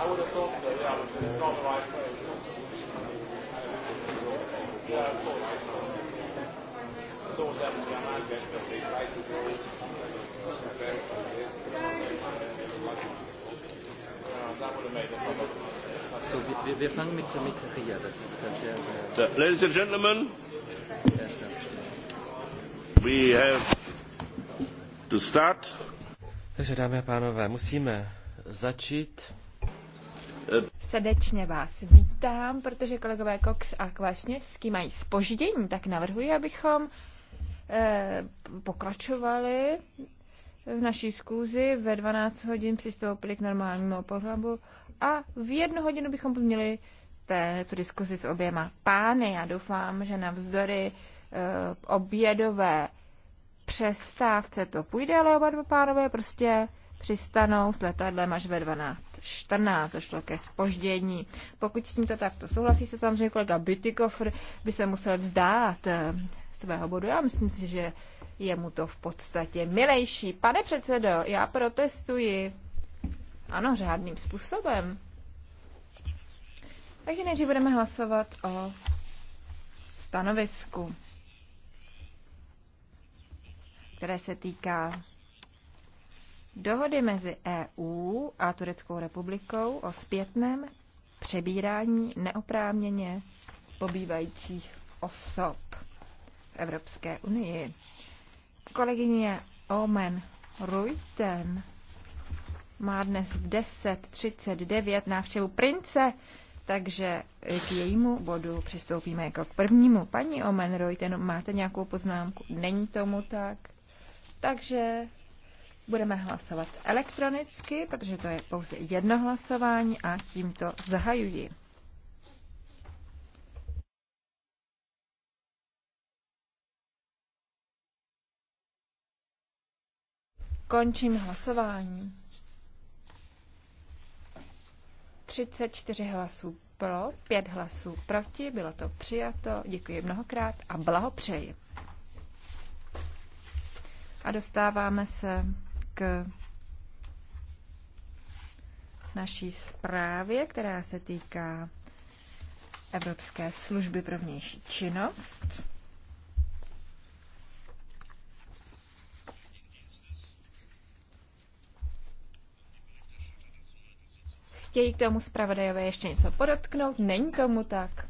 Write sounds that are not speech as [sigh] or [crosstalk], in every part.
So, wir, wir äh, so, Ladies and Gentlemen, we have to start. Takže dámy a pánové, musíme začít. Srdečně vás vítám, protože kolegové Cox a Kvašněvský mají spoždění, tak navrhuji, abychom eh, pokračovali v naší zkůzi, Ve 12 hodin přistoupili k normálnímu pohlabu a v jednu hodinu bychom měli té, tu diskuzi s oběma pány. Já doufám, že navzdory uh, obědové přestávce to půjde, ale oba dva pánové prostě přistanou s letadlem až ve 12. 14 došlo ke spoždění. Pokud s tímto takto souhlasí, se samozřejmě kolega Bytykofr by se musel vzdát eh, svého bodu. Já myslím si, že je mu to v podstatě milejší. Pane předsedo, já protestuji. Ano, řádným způsobem. Takže nejdřív budeme hlasovat o stanovisku, které se týká Dohody mezi EU a Tureckou republikou o zpětném přebírání neoprávněně pobývajících osob v Evropské unii. Kolegyně Omen Ruiten má dnes v 10.39 návštěvu prince, takže k jejímu bodu přistoupíme jako k prvnímu. Paní Omen Ruiten, máte nějakou poznámku? Není tomu tak. Takže Budeme hlasovat elektronicky, protože to je pouze jedno hlasování a tímto zahajuji. Končím hlasování. 34 hlasů pro, 5 hlasů proti, bylo to přijato, děkuji mnohokrát a blahopřeji. A dostáváme se k naší zprávě, která se týká Evropské služby pro vnější činnost. Chtějí k tomu zpravodajové ještě něco podotknout? Není tomu tak.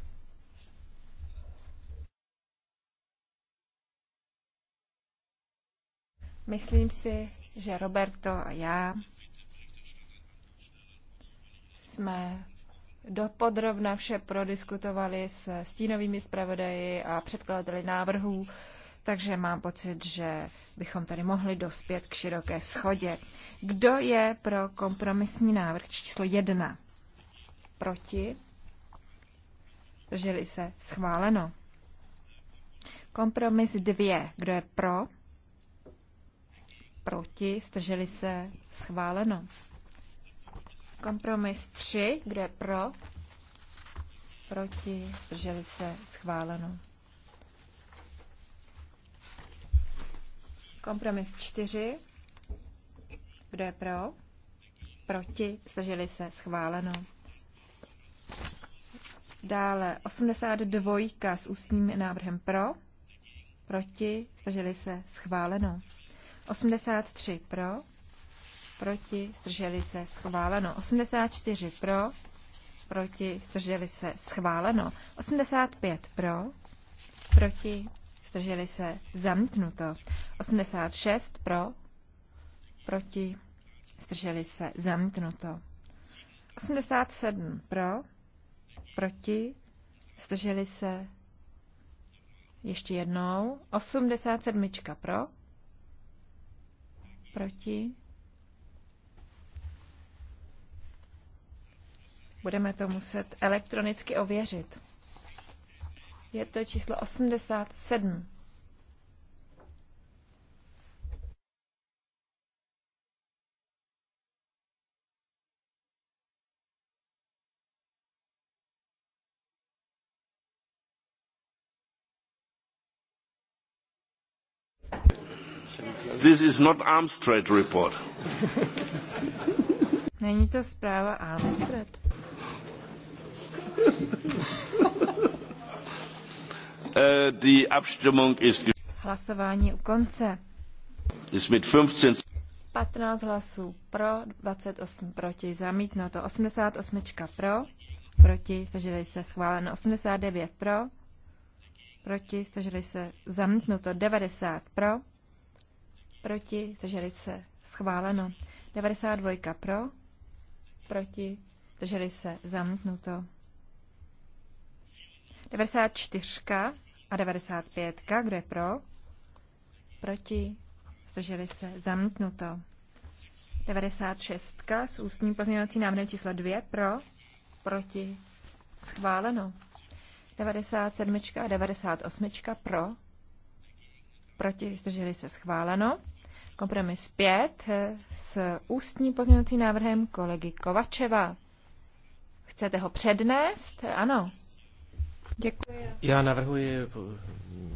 Myslím si, že Roberto a já jsme dopodrobna vše prodiskutovali s stínovými zpravodaji a předkladateli návrhů, takže mám pocit, že bychom tady mohli dospět k široké schodě. Kdo je pro kompromisní návrh číslo jedna? Proti? Drželi se schváleno. Kompromis dvě. Kdo je pro? proti, strželi se, schváleno. Kompromis 3, kde pro, proti, strželi se, schváleno. Kompromis 4, kdo je pro, proti, strželi se, schváleno. Dále 82 s ústním návrhem pro, proti, strželi se, schváleno. 83 pro, proti, zdrželi se, schváleno. 84 pro, proti, zdrželi se, schváleno. 85 pro, proti, zdrželi se, zamítnuto. 86 pro, proti, zdrželi se, zamítnuto. 87 pro, proti, zdrželi se, ještě jednou, 87 pro, Proti? Budeme to muset elektronicky ověřit. Je to číslo 87. this is not arms trade report. Není to zpráva arms trade. Äh, die Abstimmung ist Hlasování u konce. Ist mit 15 15 hlasů pro, 28 proti, zamítnuto 88 pro, proti, zdrželi se schváleno 89 pro, proti, zdrželi se zamítnuto 90 pro, proti, zdrželi se, schváleno. 92 pro, proti, zdrželi se, zamknuto. 94 a 95, kdo je pro, proti, zdrželi se, zamknuto. 96 s ústním pozměňovacím návrhem číslo 2 pro, proti, schváleno. 97 a 98 pro, proti, zdrželi se schváleno. Kompromis 5 eh, s ústním pozměňovacím návrhem kolegy Kovačeva. Chcete ho přednést? Ano. Děkuji. Já navrhuji eh, hm,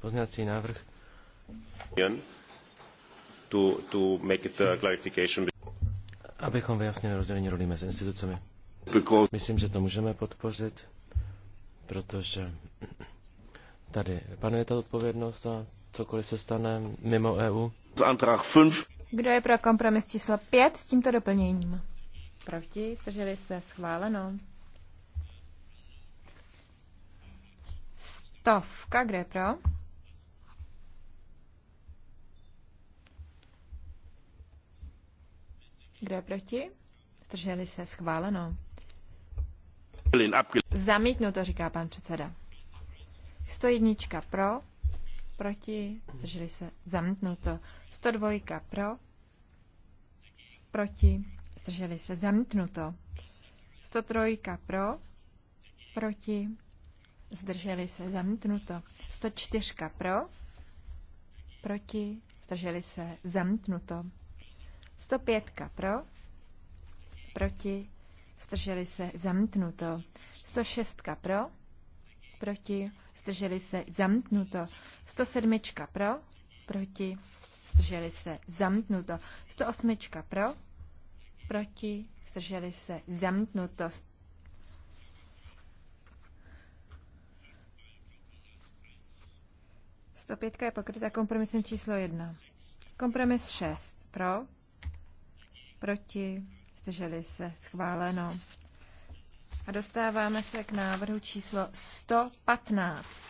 pozměňovací návrh. To, to make it a clarification. Abychom vyjasnili rozdělení roli mezi institucemi. Myslím, že to můžeme podpořit, protože tady panuje ta odpovědnost a cokoliv se stane mimo EU. Kdo je pro kompromis číslo 5 s tímto doplněním? Proti, zdrželi se, schváleno. Stovka, kde je pro? Kdo je proti? Zdrželi se, schváleno. Zamítnu to, říká pan předseda. 101 pro, proti, zdrželi se, zamítnuto. 102 pro, proti, zdrželi se, zamítnuto. 103 pro, proti, zdrželi se, zamítnuto. 104 pro, proti, zdrželi se, zamítnuto. 105 pro, proti, zdrželi se, zamítnuto. 106 pro, proti, zdrželi se, zamknuto. 107 pro, proti, zdrželi se, zamknuto 108 pro, proti, zdrželi se, zamknuto 105 pětka je pokryta kompromisem číslo jedna. Kompromis 6. Pro, proti, zdrželi se, schváleno. A dostáváme se k návrhu číslo 115.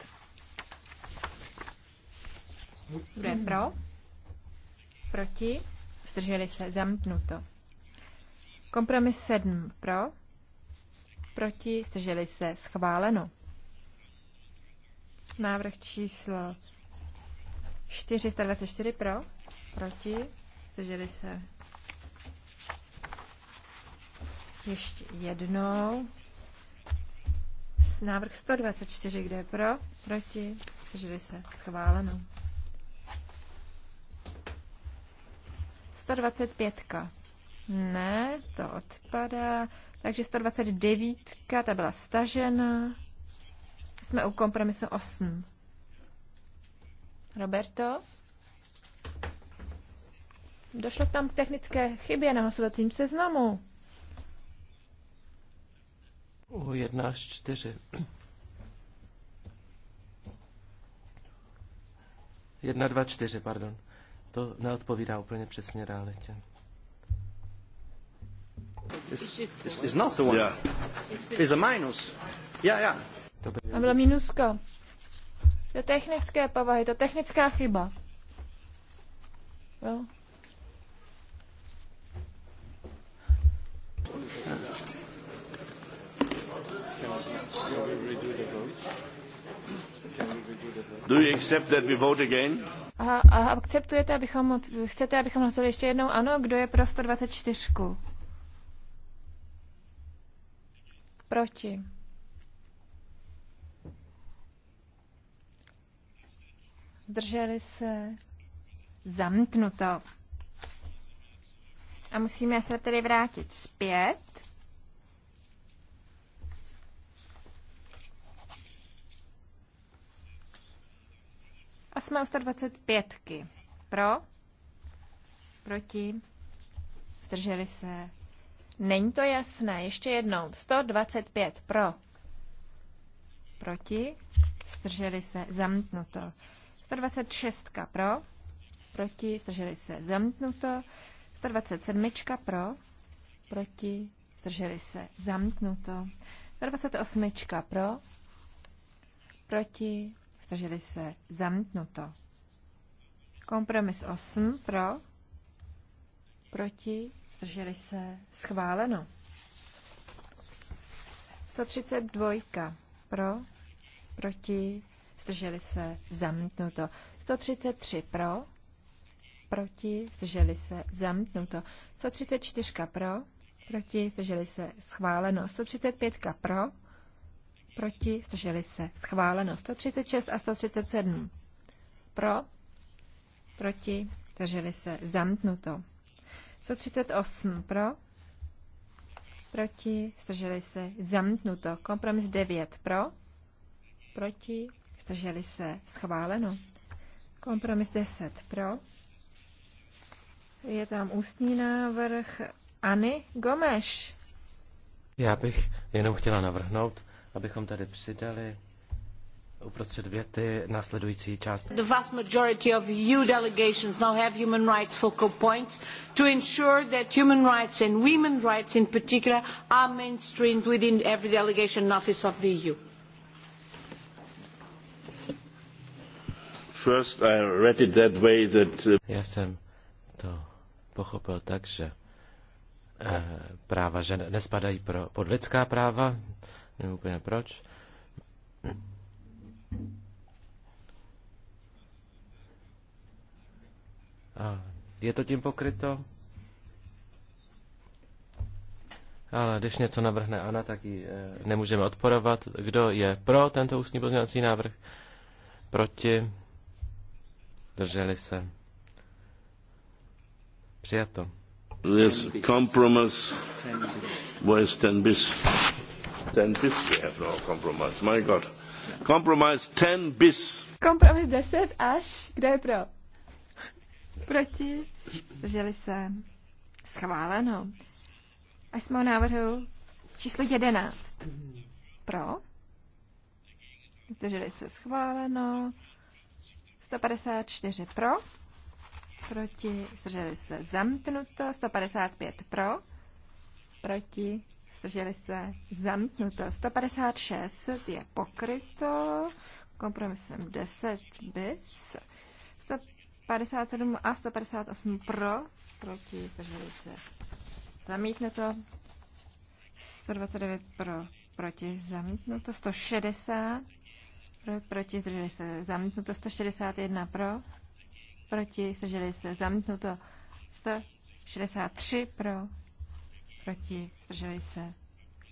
Kdo je pro? Proti? Zdrželi se? Zamknuto. Kompromis 7 pro? Proti? Zdrželi se? Schváleno. Návrh číslo 424 pro? Proti? Zdrželi se? Ještě jednou návrh 124, kde je pro, proti, zdrželi se, schváleno. 125. -ka. Ne, to odpadá. Takže 129, ta byla stažena. Jsme u kompromisu 8. Roberto? Došlo tam k technické chybě na hlasovacím seznamu u 1 až 4. 1, 2, 4, pardon. To neodpovídá úplně přesně realitě. Is not the one. Yeah. It's a minus. Yeah, yeah. To byla, byla minuska. To je technické povahy, to technická chyba. Jo. Do you accept that we vote again? A, a akceptujete, abychom, chcete, abychom hlasovali ještě jednou ano? Kdo je pro 124? Proti. Zdrželi se. Zamknuto. A musíme se tedy vrátit zpět. A jsme u 125. Pro? Proti? Zdrželi se? Není to jasné. Ještě jednou. 125. Pro? Proti? Zdrželi se? Zamítnuto. 126. Pro? Proti? Zdrželi se? Zamítnuto. 127. Pro? Proti? Zdrželi se? Zamítnuto. 128. Pro? Proti? Zdrželi se. Zamítnuto. Kompromis 8 pro. Proti. Zdrželi se. Schváleno. 132 pro. Proti. Zdrželi se. Zamítnuto. 133 pro. Proti. Zdrželi se. Zamítnuto. 134 pro. Proti. Zdrželi se. Schváleno. 135 pro proti, zdrželi se, schváleno. 136 a 137 pro, proti, zdrželi se, zamknuto. 138 pro, proti, zdrželi se, zamknuto. Kompromis 9 pro, proti, zdrželi se, schváleno. Kompromis 10 pro. Je tam ústní návrh Ani Gomeš. Já bych jenom chtěla navrhnout, abychom tady přidali uprostřed věty následující část. The vast majority of EU delegations now have human rights focal points to ensure that human rights and women's rights in particular are mainstreamed within every delegation office of the EU. First I read it that way that... Uh, Já jsem to pochopil tak, že eh, práva žen nespadají pro, pod lidská práva, nevím úplně proč. A je to tím pokryto? Ale když něco navrhne Ana, tak ji eh, nemůžeme odporovat. Kdo je pro tento ústní pozměňovací návrh? Proti? Drželi se. Přijato. This compromise was 10 bis. 10 bis we have now, compromise. My God. Compromise 10 bis. Kompromis 10 až. Kde je pro? Proti? Zdrželi se. Schváleno. A jsme o návrhu číslo 11. Pro? Zdrželi se. Schváleno. 154 pro. Proti? Zdrželi se. Zamknuto. 155 pro. Proti? zdrželi se, zamítnuto. 156 je pokryto kompromisem 10 bis. 157 a 158 pro, proti, zdrželi se, zamítnuto. 129 pro, proti, zamítnuto. 160 pro, proti, zdrželi se, zamítnuto. 161 pro, proti, zdrželi se, zamítnuto. 163 pro, proti, zdrželi se.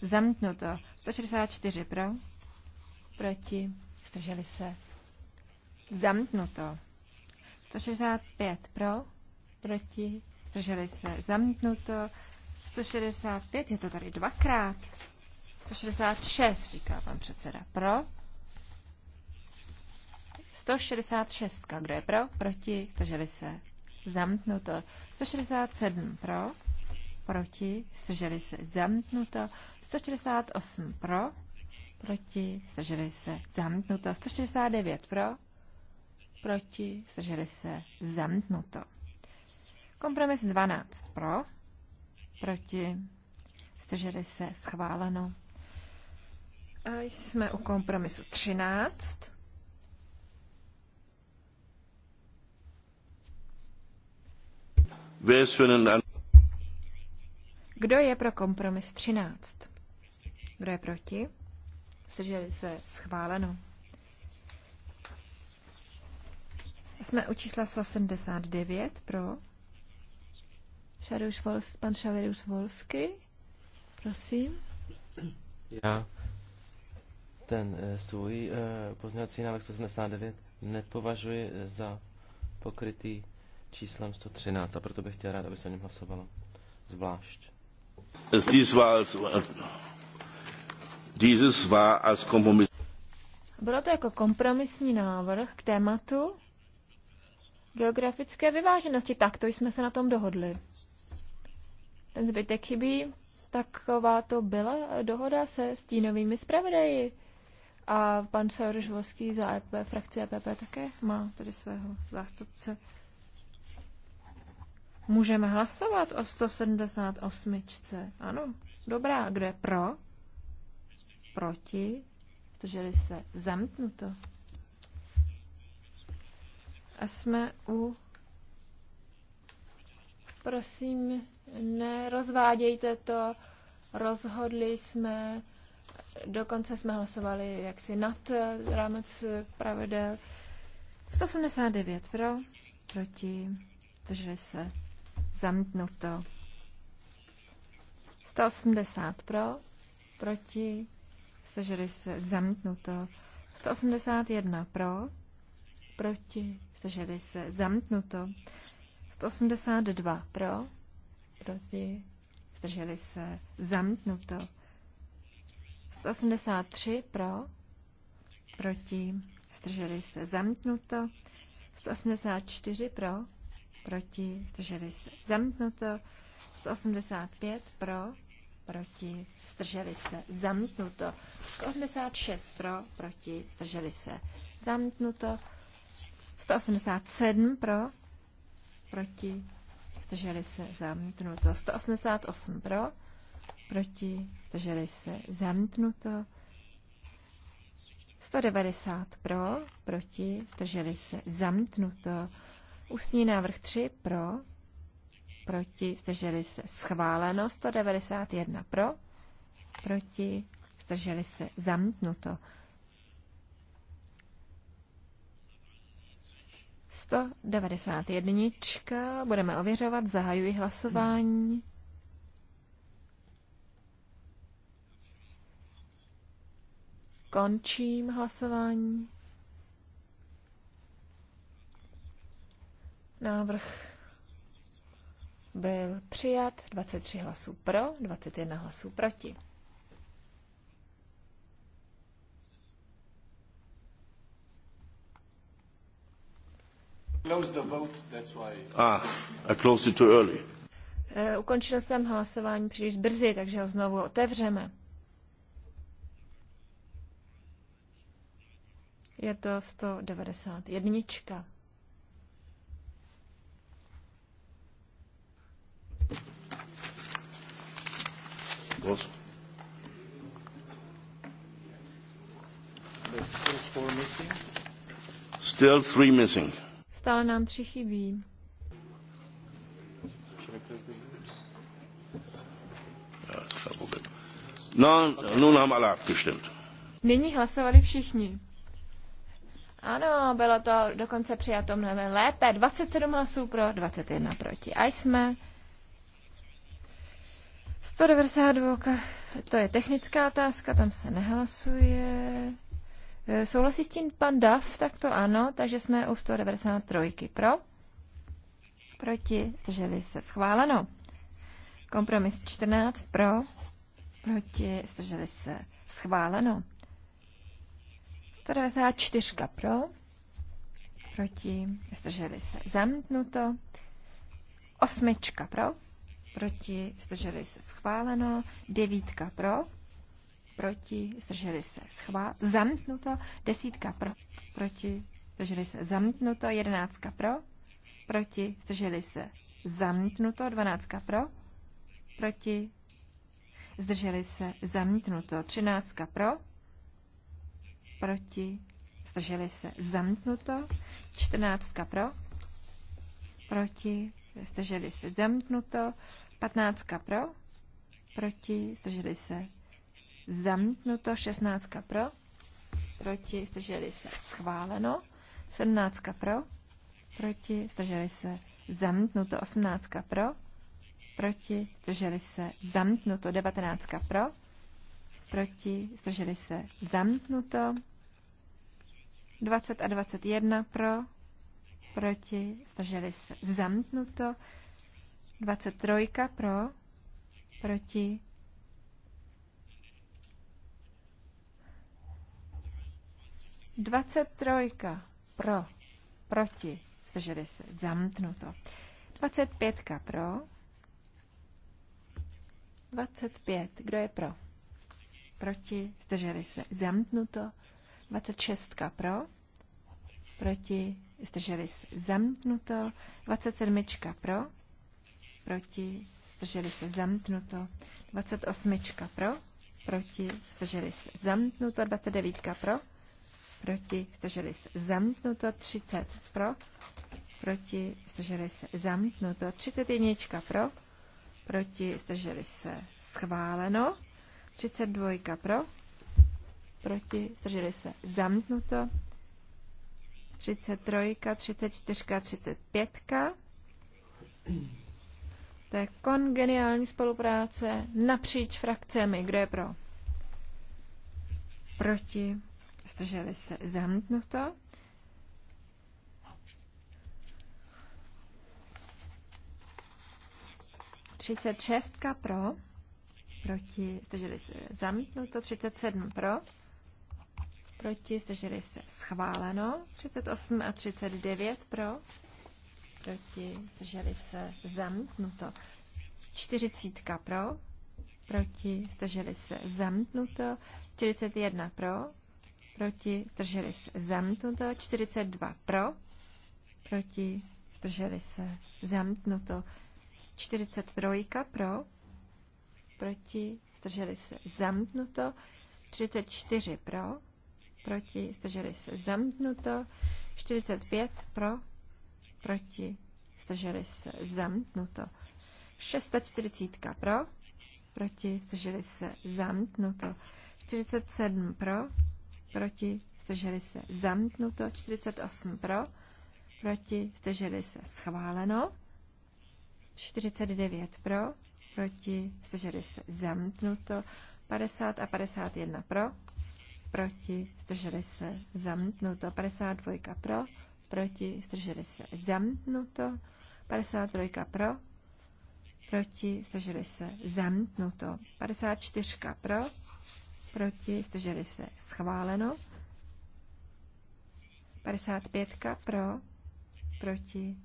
Zamknuto. 164 pro, proti, zdrželi se. Zamknuto. 165 pro, proti, zdrželi se. Zamknuto. 165, je to tady dvakrát. 166, říká pan předseda. Pro. 166, kdo je pro? Proti, zdrželi se. Zamknuto. 167 pro, proti, zdrželi se zamítnuto, 168 pro, proti, zdrželi se zamítnuto, 169 pro, proti, zdrželi se zamítnuto. Kompromis 12 pro, proti, zdrželi se schváleno. A jsme u kompromisu 13. Kdo je pro kompromis 13? Kdo je proti? Zdrželi se schváleno. Jsme u čísla 179 pro. Šaruš Volsk, pan Šaruš Volsky, prosím. Já ten eh, svůj eh, pozměňovací návrh 179 nepovažuji za pokrytý číslem 113 a proto bych chtěl rád, aby se o něm hlasovalo zvlášť. Bylo to jako kompromisní návrh k tématu geografické vyváženosti. Tak, to jsme se na tom dohodli. Ten zbytek chybí. Taková to byla dohoda se stínovými zpravodaji. A pan Soros Voský za EP, frakci EPP také má tady svého zástupce. Můžeme hlasovat o 178. Ano, dobrá. Kdo je pro? Proti? Zdrželi se. Zamknuto. A jsme u... Prosím, nerozvádějte to. Rozhodli jsme, dokonce jsme hlasovali jaksi nad eh, rámec pravidel. 179 pro, proti, drželi se zamítnuto. 180 pro, proti, zdrželi se, zamítnuto. 181 pro, proti, zdrželi se, zamítnuto. 182 pro, proti, zdrželi se, zamítnuto. 183 pro, proti, zdrželi se, zamítnuto. 184 pro, proti, zdrželi se. Zamítnuto 185 pro, proti, zdrželi se. Zamítnuto 186 pro, proti, zdrželi se. Zamítnuto 187 pro, proti, zdrželi se. Zamítnuto 188 pro, proti, zdrželi se. Zamítnuto 190 pro, proti, zdrželi se. Zamítnuto Ústní návrh 3 pro, proti, zdrželi se schváleno, 191 pro, proti, zdrželi se zamítnuto. 191. Budeme ověřovat. Zahajuji hlasování. Končím hlasování. Návrh byl přijat 23 hlasů pro, 21 hlasů proti. Ah, I closed it too early. Eh, ukončil jsem hlasování příliš brzy, takže ho znovu otevřeme. Je to 191. Still three missing. Stále nám tři chybí. No, nun no, haben alle abgestimmt. Nyní hlasovali všichni. Ano, bylo to dokonce přijato mnohem lépe. 27 hlasů pro, 21 proti. A jsme 192, to je technická otázka, tam se nehlasuje. E, souhlasí s tím pan Daf, tak to ano, takže jsme u 193. Pro? Proti? Zdrželi se. Schváleno. Kompromis 14. Pro? Proti? Zdrželi se. Schváleno. 194. Pro? Proti? Zdrželi se. zamknuto? Osmička pro? proti, zdrželi se schváleno, devítka pro, proti, zdrželi se schváleno, zamítnuto, desítka pro, proti, zdrželi se zamítnuto, jedenáctka pro, proti, zdrželi se zamítnuto, dvanáctka pro, proti, zdrželi se zamítnuto, třináctka pro, proti, zdrželi se zamítnuto, čtrnáctka pro, proti, zdrželi se zamknuto, 15 pro, proti, zdrželi se zamknuto, 16 pro, proti, zdrželi se schváleno, 17 pro, proti, zdrželi se zamknuto, 18 pro, proti, zdrželi se zamknuto, 19 pro, proti, zdrželi se zamknuto, 20 a 21 pro, proti, zdrželi se zamítnuto. 23 pro, proti, Dvacet trojka pro, proti, zdrželi se, zamknuto. Dvacet pětka pro, dvacet pět, kdo je pro? Proti, zdrželi se, zamknuto. Dvacet šestka pro, proti, zdrželi se zamknuto, 27 pro, proti, zdrželi se zamknuto, 28 pro, proti, zdrželi se zamknuto, 29 pro, proti, zdrželi se zamknuto, 30 pro, proti, zdrželi se zamknuto, 31 pro, proti, zdrželi se schváleno, 32 pro, proti, zdrželi se zamknuto, 33, 34, 35. To je kongeniální spolupráce napříč frakcemi. Kdo je pro? Proti? Zdrželi se zamítnuto. Třicet šestka pro, proti, zdrželi se zamítnuto, třicet sedm pro, proti, zdrželi se schváleno, 38 a 39 pro, proti, zdrželi se zamítnuto, 40 pro, proti, zdrželi se zamítnuto, 41 pro, proti, zdrželi se zamítnuto, 42 pro, proti, zdrželi se zamítnuto, 43 pro, proti, zdrželi se zamítnuto, 34 pro, proti, zdrželi se zamítnuto, 45 pro, proti, zdrželi se zamítnuto, 640 pro, proti, zdrželi se zamítnuto, 47 pro, proti, zdrželi se zamítnuto, 48 pro, proti, zdrželi se schváleno, 49 pro, proti, zdrželi se zamítnuto, 50 a 51 pro, proti, zdrželi se, zamítnuto. 52 pro, proti, zdrželi se, zamítnuto. 53 pro, proti, zdrželi se, zamítnuto. 54 pro, proti, zdrželi se, schváleno. 55 pro, proti,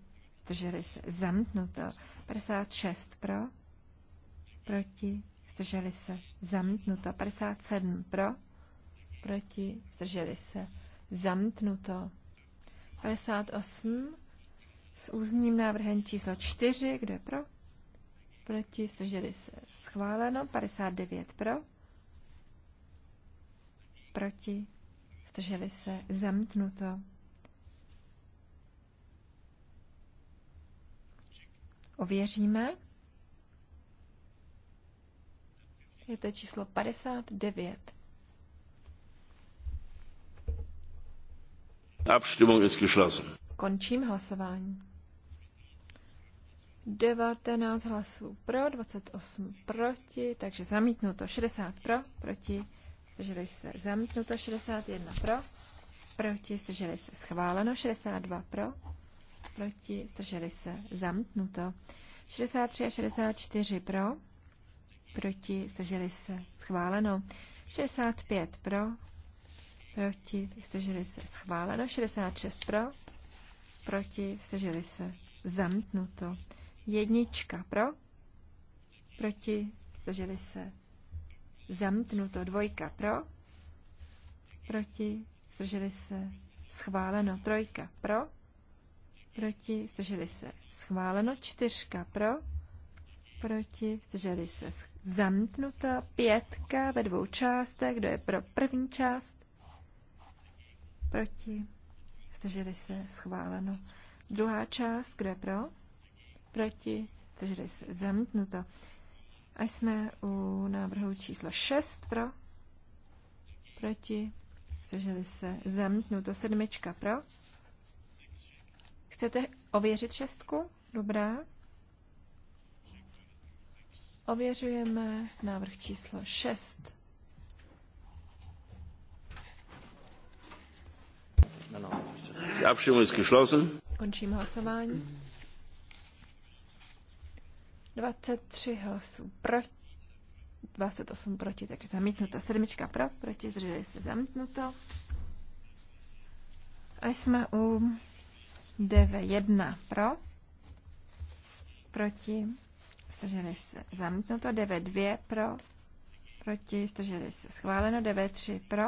zdrželi se, zamítnuto. 56 pro, proti, zdrželi se, zamítnuto. 57 pro, proti, zdrželi se, zamítnuto. 58 s úzním návrhem číslo 4, kdo je pro, proti, zdrželi se, schváleno. 59 pro, proti, zdrželi se, zamítnuto. Ověříme. Je to číslo 59. Abstimmung ist geschlossen. Končím hlasování. 19 hlasů pro, 28 proti, takže zamítnuto 60 pro, proti, zdrželi se zamítnuto 61 pro, proti, zdrželi se schváleno 62 pro, proti, zdrželi se zamítnuto 63 a 64 pro, proti, zdrželi se schváleno 65 pro, proti, zdrželi se schváleno, 66 pro, proti, zdrželi se zamítnuto, jednička pro, proti, zdrželi se zamítnuto, dvojka pro, proti, zdrželi se schváleno, trojka pro, proti, zdrželi se schváleno, čtyřka pro, proti, zdrželi se zamítnuto, pětka ve dvou částech, kdo je pro první část, Proti? Zdrželi se? Schváleno. Druhá část, kde pro? Proti? Zdrželi se? Zamítnuto. A jsme u návrhu číslo 6 pro? Proti? Zdrželi se? Zamítnuto. Sedmička pro? Chcete ověřit šestku? Dobrá. Ověřujeme návrh číslo 6. Die Abstimmung ist geschlossen. Končím hlasování. 23 hlasů pro, 28 proti, takže zamítnuto. Sedmička pro, proti, zdrželi se zamítnuto. A jsme u DV1 pro, proti, zdrželi se zamítnuto, DV2 pro, proti, zdrželi se schváleno, DV3 pro,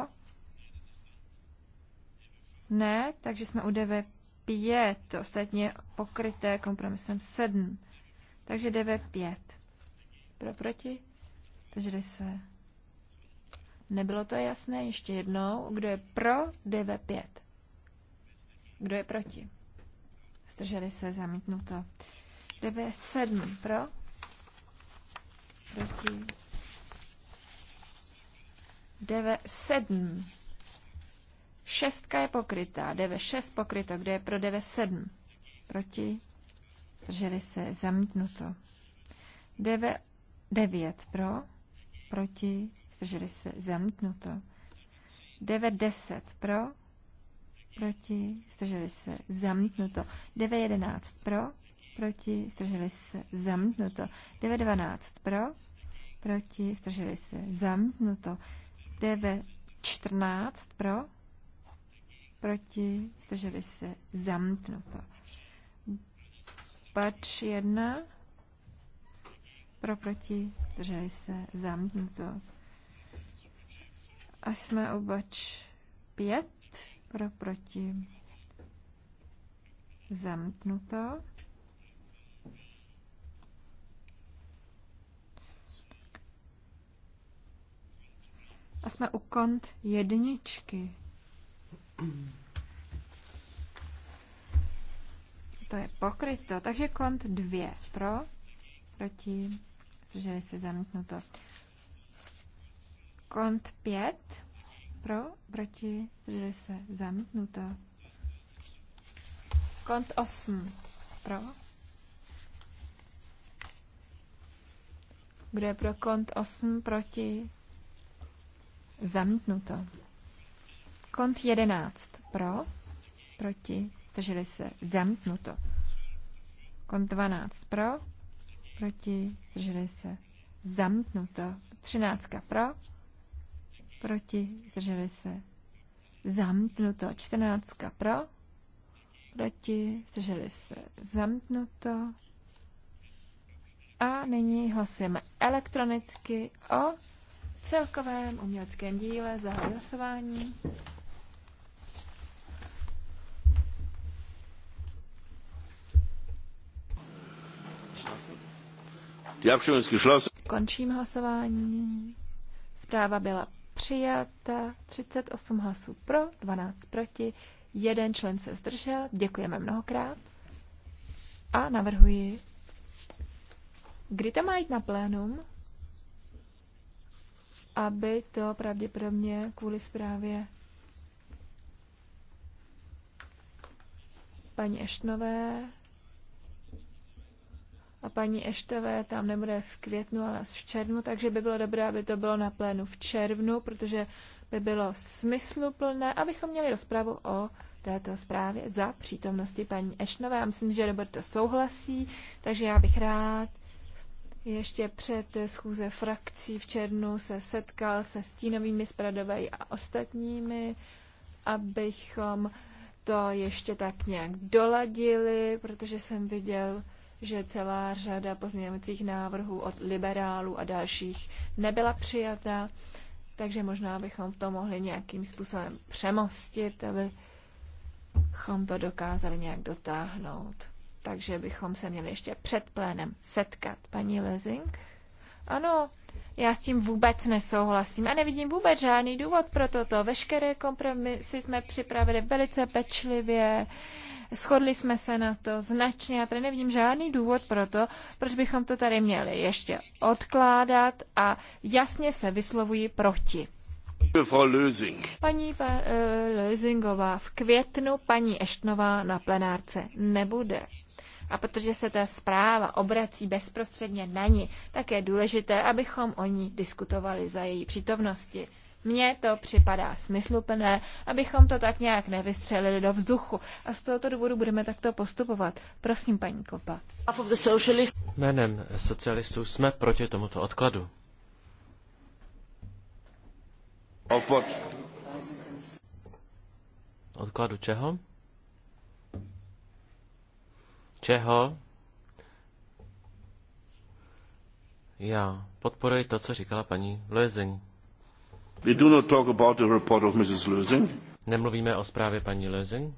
ne, takže jsme u DV5, ostatně pokryté kompromisem 7. Takže DV5. Pro proti? Drželi se. Nebylo to jasné ještě jednou, kdo je pro DV5. Kdo je proti? Zdrželi se, zamítnuto. DV7 pro? Proti? DV7 Šestka je pokrytá, deve šest pokryto, kde je pro deve sedm, Proti, drželi se, zamítnuto. Deve devět pro, proti, drželi se, zamítnuto. deset pro, proti, zdrželi se, zamítnuto. 911 pro, proti, zdrželi se, zamítnuto. 912 pro, proti, zdrželi se, zamítnuto. 914 pro, proti, zdrželi se, zamknuto. Pač jedna pro, proti, zdrželi se, zamknuto. A jsme u bač pět pro, proti, zamknuto. A jsme u kont jedničky. To je pokryto. Takže kont 2 pro, proti, zdrželi se zamítnuto. Kont 5 pro, proti, zdrželi se zamítnuto. Kont 8 pro. Kdo je pro kont 8 proti? Zamítnuto. Kont 11 pro, proti, drželi se, zamknuto. Kont 12 pro, proti, drželi se, zamknuto. 13 pro, proti, drželi se, zamknuto. 14 pro, proti, drželi se, zamknuto. A nyní hlasujeme elektronicky o celkovém uměleckém díle za hlasování. Končím hlasování. Zpráva byla přijata. 38 hlasů pro, 12 proti, jeden člen se zdržel. Děkujeme mnohokrát. A navrhuji, kdy to má jít na plénum, aby to pravděpodobně kvůli zprávě paní Eštnové a paní Eštové tam nebude v květnu, ale v červnu, takže by bylo dobré, aby to bylo na plénu v červnu, protože by bylo smysluplné, abychom měli rozpravu o této zprávě za přítomnosti paní Ešnové. Já myslím, že Robert to souhlasí, takže já bych rád ještě před schůze frakcí v červnu se setkal se stínovými zpravodaji a ostatními, abychom to ještě tak nějak doladili, protože jsem viděl, že celá řada pozměňovacích návrhů od liberálů a dalších nebyla přijata, takže možná bychom to mohli nějakým způsobem přemostit, abychom to dokázali nějak dotáhnout. Takže bychom se měli ještě před plénem setkat. Paní Lezing? Ano, já s tím vůbec nesouhlasím a nevidím vůbec žádný důvod pro toto. Veškeré kompromisy jsme připravili velice pečlivě. Uh, Shodli jsme se na to značně. Já tady nevidím žádný důvod pro to, proč bychom to tady měli ještě odkládat a jasně se vyslovuji proti. Paní pa, eh, Lösingová, v květnu paní Eštnová na plenárce nebude. A protože se ta zpráva obrací bezprostředně na ní, tak je důležité, abychom o ní diskutovali za její přítomnosti. Mně to připadá smysluplné, abychom to tak nějak nevystřelili do vzduchu. A z tohoto důvodu budeme takto postupovat. Prosím, paní Kopa. Jménem socialistů jsme proti tomuto odkladu. Odkladu čeho? Čeho? Já podporuji to, co říkala paní Lezing. We do not talk about the report of Mrs. Lösing. Nemluvíme o zprávě paní Lösing.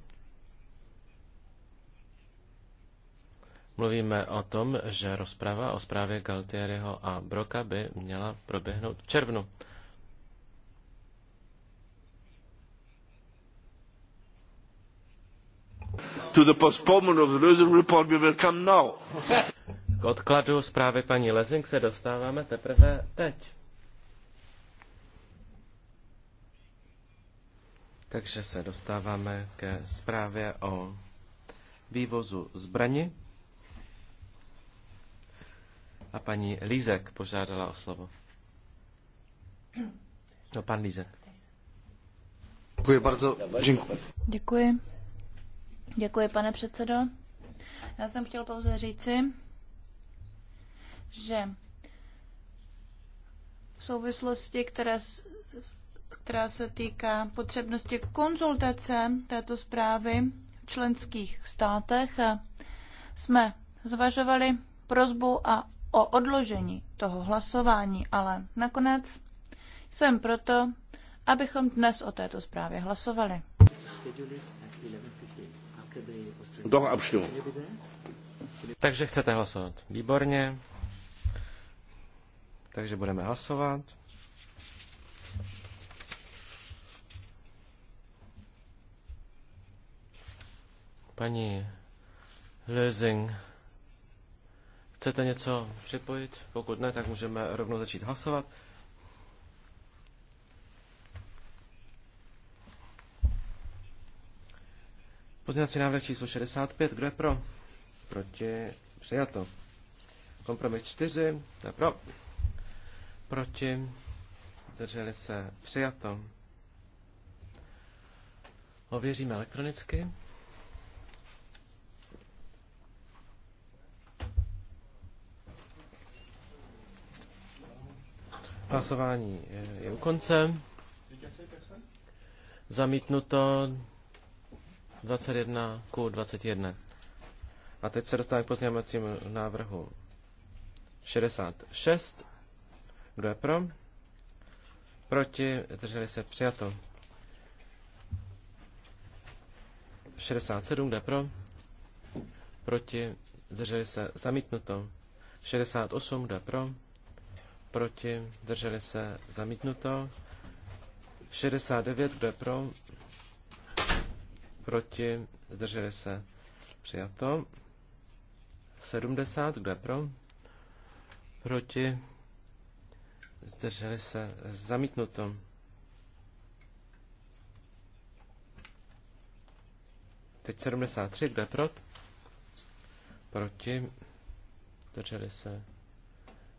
Mluvíme o tom, že rozprava o zprávě Galtieriho a Broka by měla proběhnout v červnu. To the postponement of the Lösing report we will come now. K odkladu zprávy paní Lezing se dostáváme teprve teď. Takže se dostáváme ke zprávě o vývozu zbraní. A paní Lízek požádala o slovo. No, pan Lízek. Děkuji bardzo. Děkuji. Děkuji. Děkuji, pane předsedo. Já jsem chtěl pouze říci, že v souvislosti, které která se týká potřebnosti konzultace této zprávy v členských státech, jsme zvažovali prozbu a o odložení toho hlasování, ale nakonec jsem proto, abychom dnes o této zprávě hlasovali. Takže chcete hlasovat. Výborně. Takže budeme hlasovat. Paní Lösing, chcete něco připojit? Pokud ne, tak můžeme rovnou začít hlasovat. Pozměňovací návrh číslo 65. Kdo je pro? Proti. Přijato. Kompromis 4. Kdo je pro? Proti. Drželi se. Přijato. Ověříme elektronicky. Hlasování je u konce. Zamítnuto 21 ku 21. A teď se dostáváme k pozměňovacímu návrhu 66. Kdo je pro? Proti? Drželi se přijato. 67. Kdo je pro? Proti? Drželi se zamítnuto. 68. Kdo je pro? proti, zdrželi se, zamítnuto. 69, kdo je pro, proti, zdrželi se, přijato. 70, kdo je pro, proti, zdrželi se, zamítnuto. Teď 73, kdo je pro, proti, zdrželi se,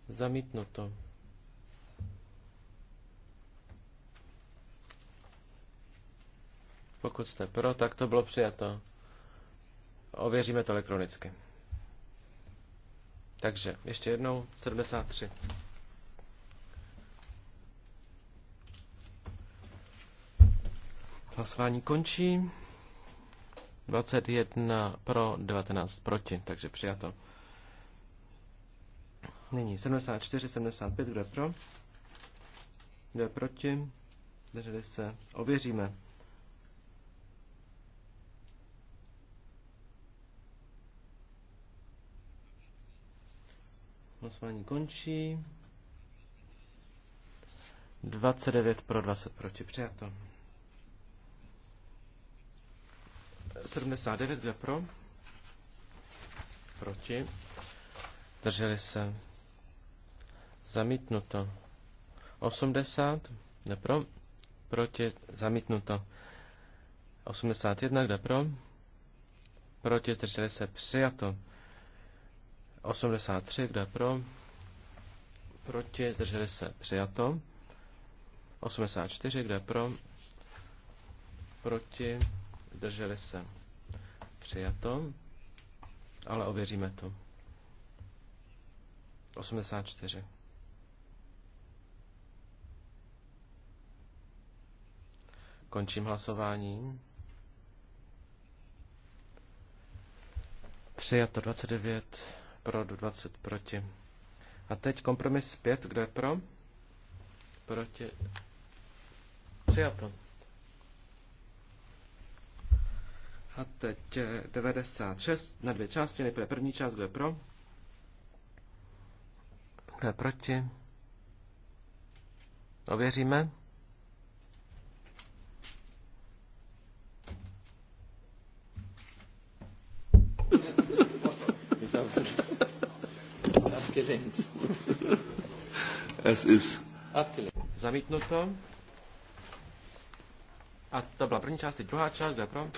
zamítnuto. Pokud jste pro, tak to bylo přijato. Ověříme to elektronicky. Takže ještě jednou 73. Hlasování končí. 21 pro, 19 proti, takže přijato. Nyní 74, 75, kdo je pro? Kdo je proti? Drželi se. Ověříme. Hlasování končí. 29 pro 20 proti. Přijato. 79 kde pro? Proti. Drželi se. Zamítnuto. 80 kde pro? Proti. Zamítnuto. 81 kde pro? Proti. Drželi se. Přijato. 83, je pro? Proti, zdrželi se, přijato. 84, je pro? Proti, zdrželi se, přijato. Ale ověříme to. 84. Končím hlasování. Přijato 29 pro, 20 proti. A teď kompromis 5, kdo je pro? Proti. Přijato. A teď 96 eh, na dvě části. Nejprve první část, kdo je pro? Kdo je proti? Ověříme. Thank [laughs] you. Abgelehnt. [laughs] Es ist Abgelehnt. Zamítnuto. A to byla první část, teď druhá část, kde pro?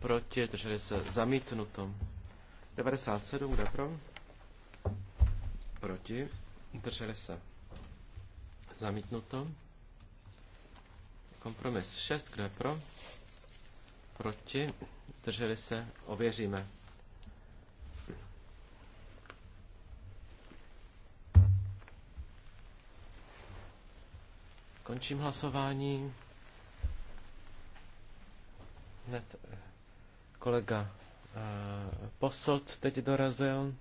Proti, drželi se, zamítnuto. 97, kde pro? Proti, drželi se, zamítnuto. Kompromis 6, kde pro? Proti, drželi se, ověříme. Končím hlasování. Hned eh, kolega uh, Posolt teď dorazil.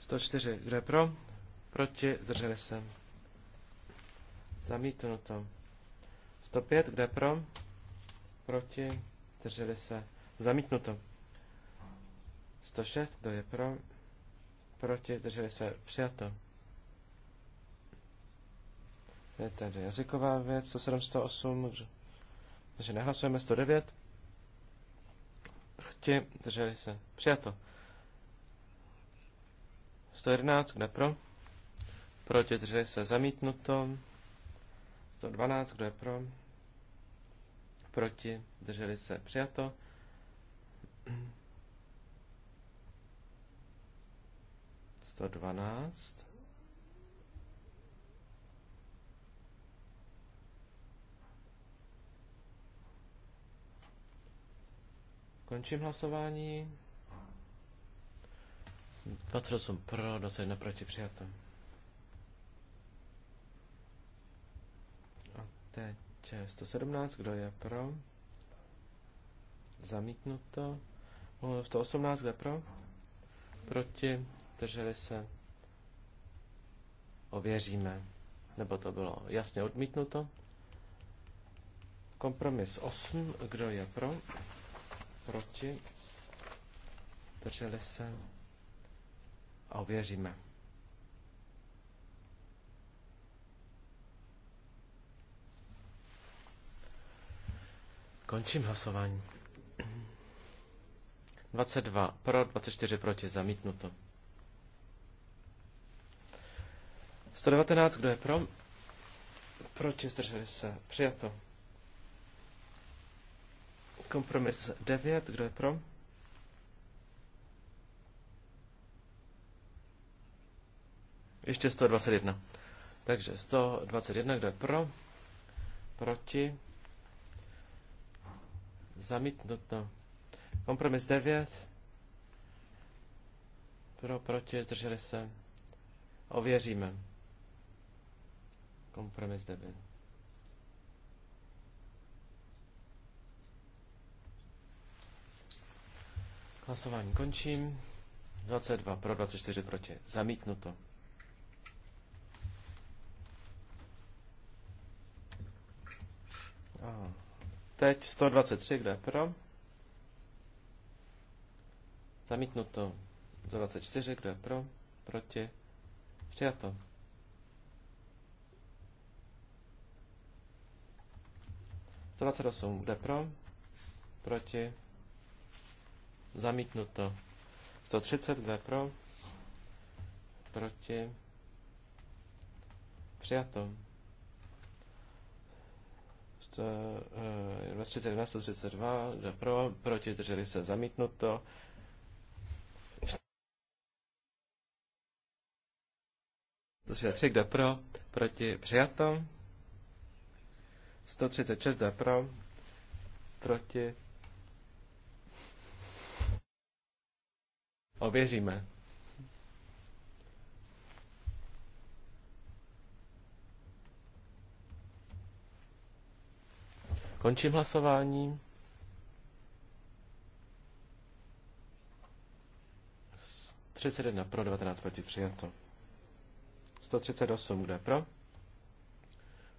Sto čtyři. Kdo je pro? Proti? Zdrželi se. Zamítnuto. 105. Kdo je pro? proti, zdrželi se, zamítnuto. 106, kdo je pro, proti, zdrželi se, přijato. Je tady jazyková věc, 107, 108, takže nehlasujeme 109, proti, zdrželi se, přijato. 111, kde pro? Proti, zdrželi se, zamítnuto. 112, kdo je pro? proti, drželi se, přijato. Sto dvanáct. Končím hlasování. 28 pro, 21 proti přijato. A teď 117, kdo je pro? Zamítnuto. 118, kdo je pro? Proti, drželi se. Ověříme. Nebo to bylo jasně odmítnuto. Kompromis 8, kdo je pro? Proti, drželi se. Ověříme. Končím hlasování. 22 pro, 24 proti, zamítnuto. 119, kdo je pro? Proti, zdrželi se, přijato. Kompromis 9, kdo je pro? Ještě 121. Takže 121, kdo je pro? Proti? Zamítnuto. Kompromis 9. Pro, proti, zdrželi se. Ověříme. Kompromis 9. Hlasování končím. 22 pro, 24 proti. Zamítnuto. Oh. Teď 123, kde je pro? Zamítnuto. 124, kde je pro? Proti? Přijato. To 28, kde pro? Proti? Zamítnuto. 130, kde pro? Proti? Přijatom. 231, 132, jde pro, proti, drželi se zamítnuto. To je 3, kde pro, proti, přijato. 136, kde pro, proti. Ověříme. Končím hlasování. Z 31 pro, 19 proti přijato. 138, kde pro?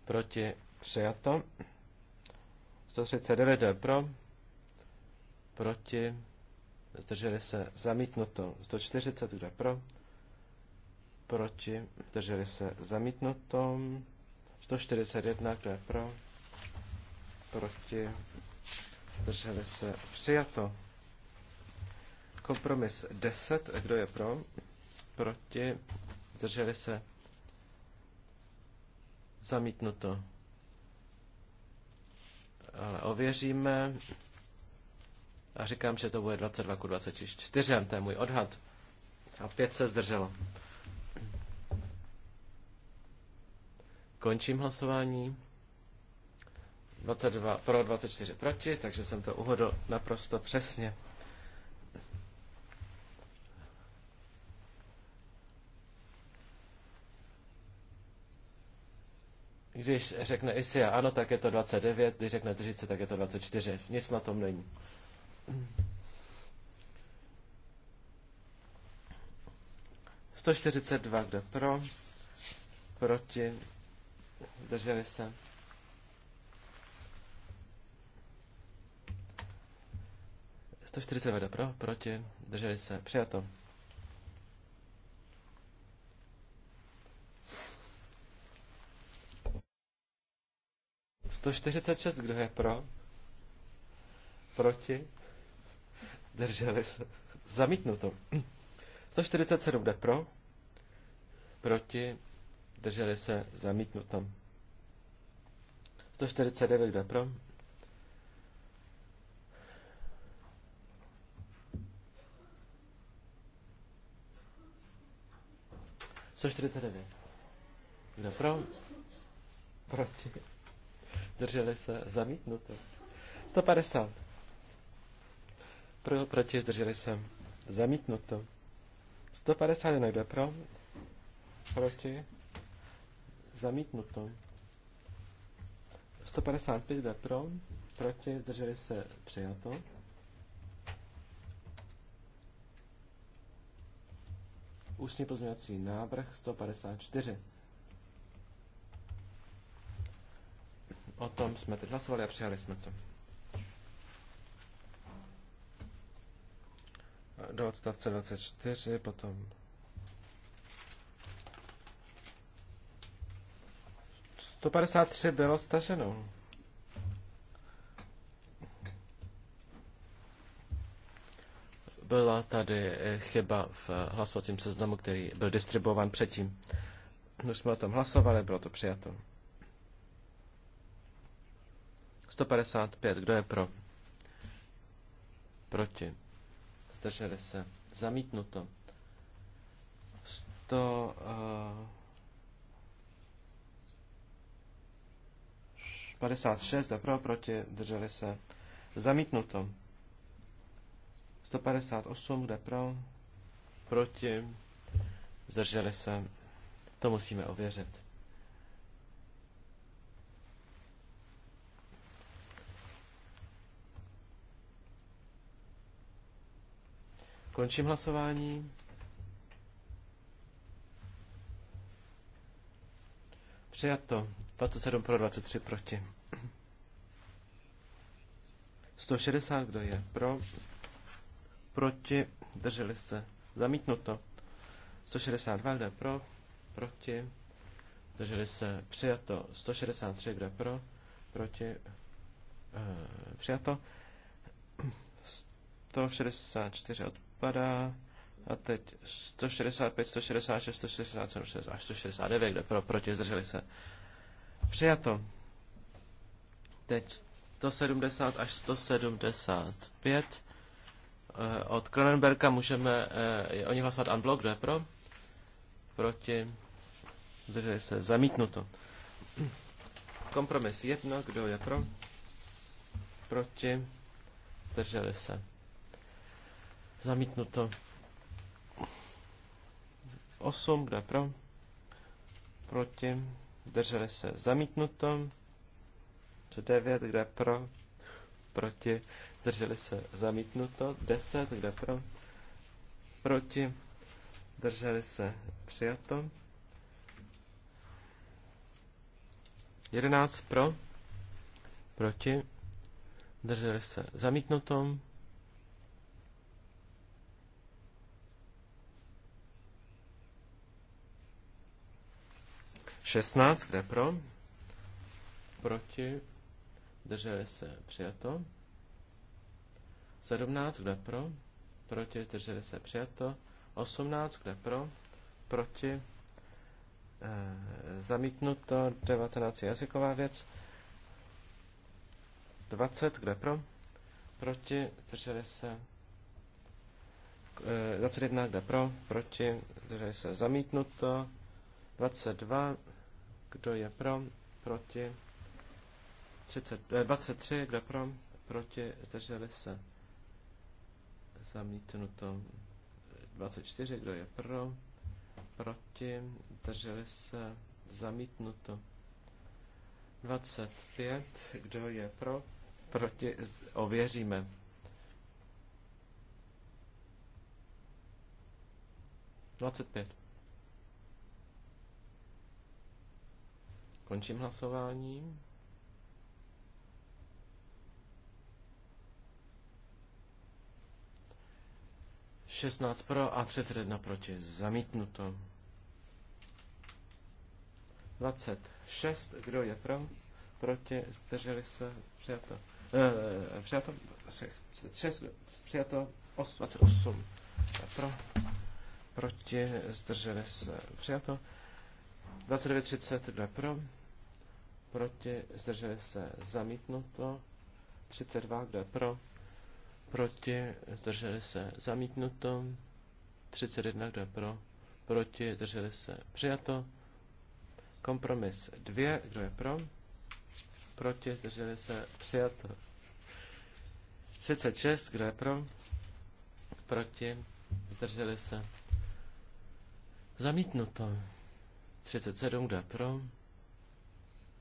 Proti přijato. 139, kde pro? Proti. Zdrželi se zamítnuto. 140, kde pro? Proti. Zdrželi se zamítnuto. 141, kde pro? proti, zdrželi se, přijato. Kompromis 10, kdo je pro, proti, zdrželi se, zamítnuto. Ale ověříme a říkám, že to bude 22 k 24, to je můj odhad. A 5 se zdrželo. Končím hlasování. 22 pro, 24 proti, takže jsem to uhodl naprosto přesně. Když řekne Isia ano, tak je to 29, když řekne Držice, tak je to 24. Nic na tom není. Sto čtyřicet dva, kdo pro, proti, drželi se. 142 pro, proti, drželi se, přijato. Sto čtyřicet šest, kdo je pro? Proti? Drželi se. Zamítnuto. 147 jde pro. Proti? Drželi se. Zamítnuto. 149 jde pro 149. Kdo pro? Proti. Drželi se zamítnuto. 150. Pro, proti zdrželi se zamítnuto. 151. Kdo pro? Proti. Zamítnuto. 155. Kdo pro? Proti zdrželi se přijato. ústní pozměňovací návrh 154. O tom jsme teď hlasovali a přijali jsme to. Do odstavce 24, potom 153 bylo staženo. Byla tady eh, chyba v eh, hlasovacím seznamu, který byl distribuován předtím. No, jsme o tom hlasovali, bylo to přijato. 155. Kdo je pro? Proti. Zdrželi se. Zamítnuto. 100, uh, 56. pro? Proti. Drželi se. Zamítnuto. 158, kde pro, proti, zdrželi se, to musíme ověřit. Končím hlasování. Přijato. 27 pro 23 proti. 160, kdo je pro? proti, drželi se, zamítnuto. 162, kde pro, proti, drželi se, přijato. 163, kde pro, proti, e, přijato. 164 odpadá. A teď 165, 166, 167, 167 až 169, kde pro, proti, zdrželi se. Přijato. Teď 170 až 175 Eh, od Kronenberka můžeme eh, o nich hlasovat unblock. Kdo je pro? Proti? Zdrželi se. Zamítnuto. Kompromis jedno. Kdo je pro? Proti? Zdrželi se. Zamítnuto. Osm, Kdo je pro? Proti? Zdrželi se. Zamítnuto. 9. Kdo je pro? Proti? zdrželi se zamítnuto, 10, kde pro, proti, zdrželi se přijato, 11 pro, proti, drželi se zamítnuto, 16, kde pro? Proti. Drželi se přijato. 17, kdo je pro? Proti, 40 se, přijato. 18, kdo je pro? Proti, eh, zamítnuto. 19, jazyková věc. 20, kdo je pro? Proti, 40, se, 21, eh, kde pro, proti, zdrželi se, zamítnuto. 22, kdo je pro, proti, 30, 23, kde pro, proti, zdrželi se, Zamítnuto 24, kdo je pro, proti, drželi se, zamítnuto 25, kdo je pro, proti, ověříme. Dvacet pět. Končím hlasování. 16 pro a 31 proti. Zamítnuto. 26. Kdo je pro? Proti. Zdrželi se. Přijato. E, přijato. 6. Přijato. 28. Pro. Proti. Zdrželi se. Přijato. 29.30. Kdo je pro? Proti. Zdrželi se. Zamítnuto. 32. Kdo je pro? proti, zdrželi se zamítnuto, 31, kdo je pro, proti, zdrželi se přijato, kompromis 2, kdo je pro, proti, zdrželi se přijato, 36, kdo je pro, proti, zdrželi se zamítnuto, 37, kdo je pro,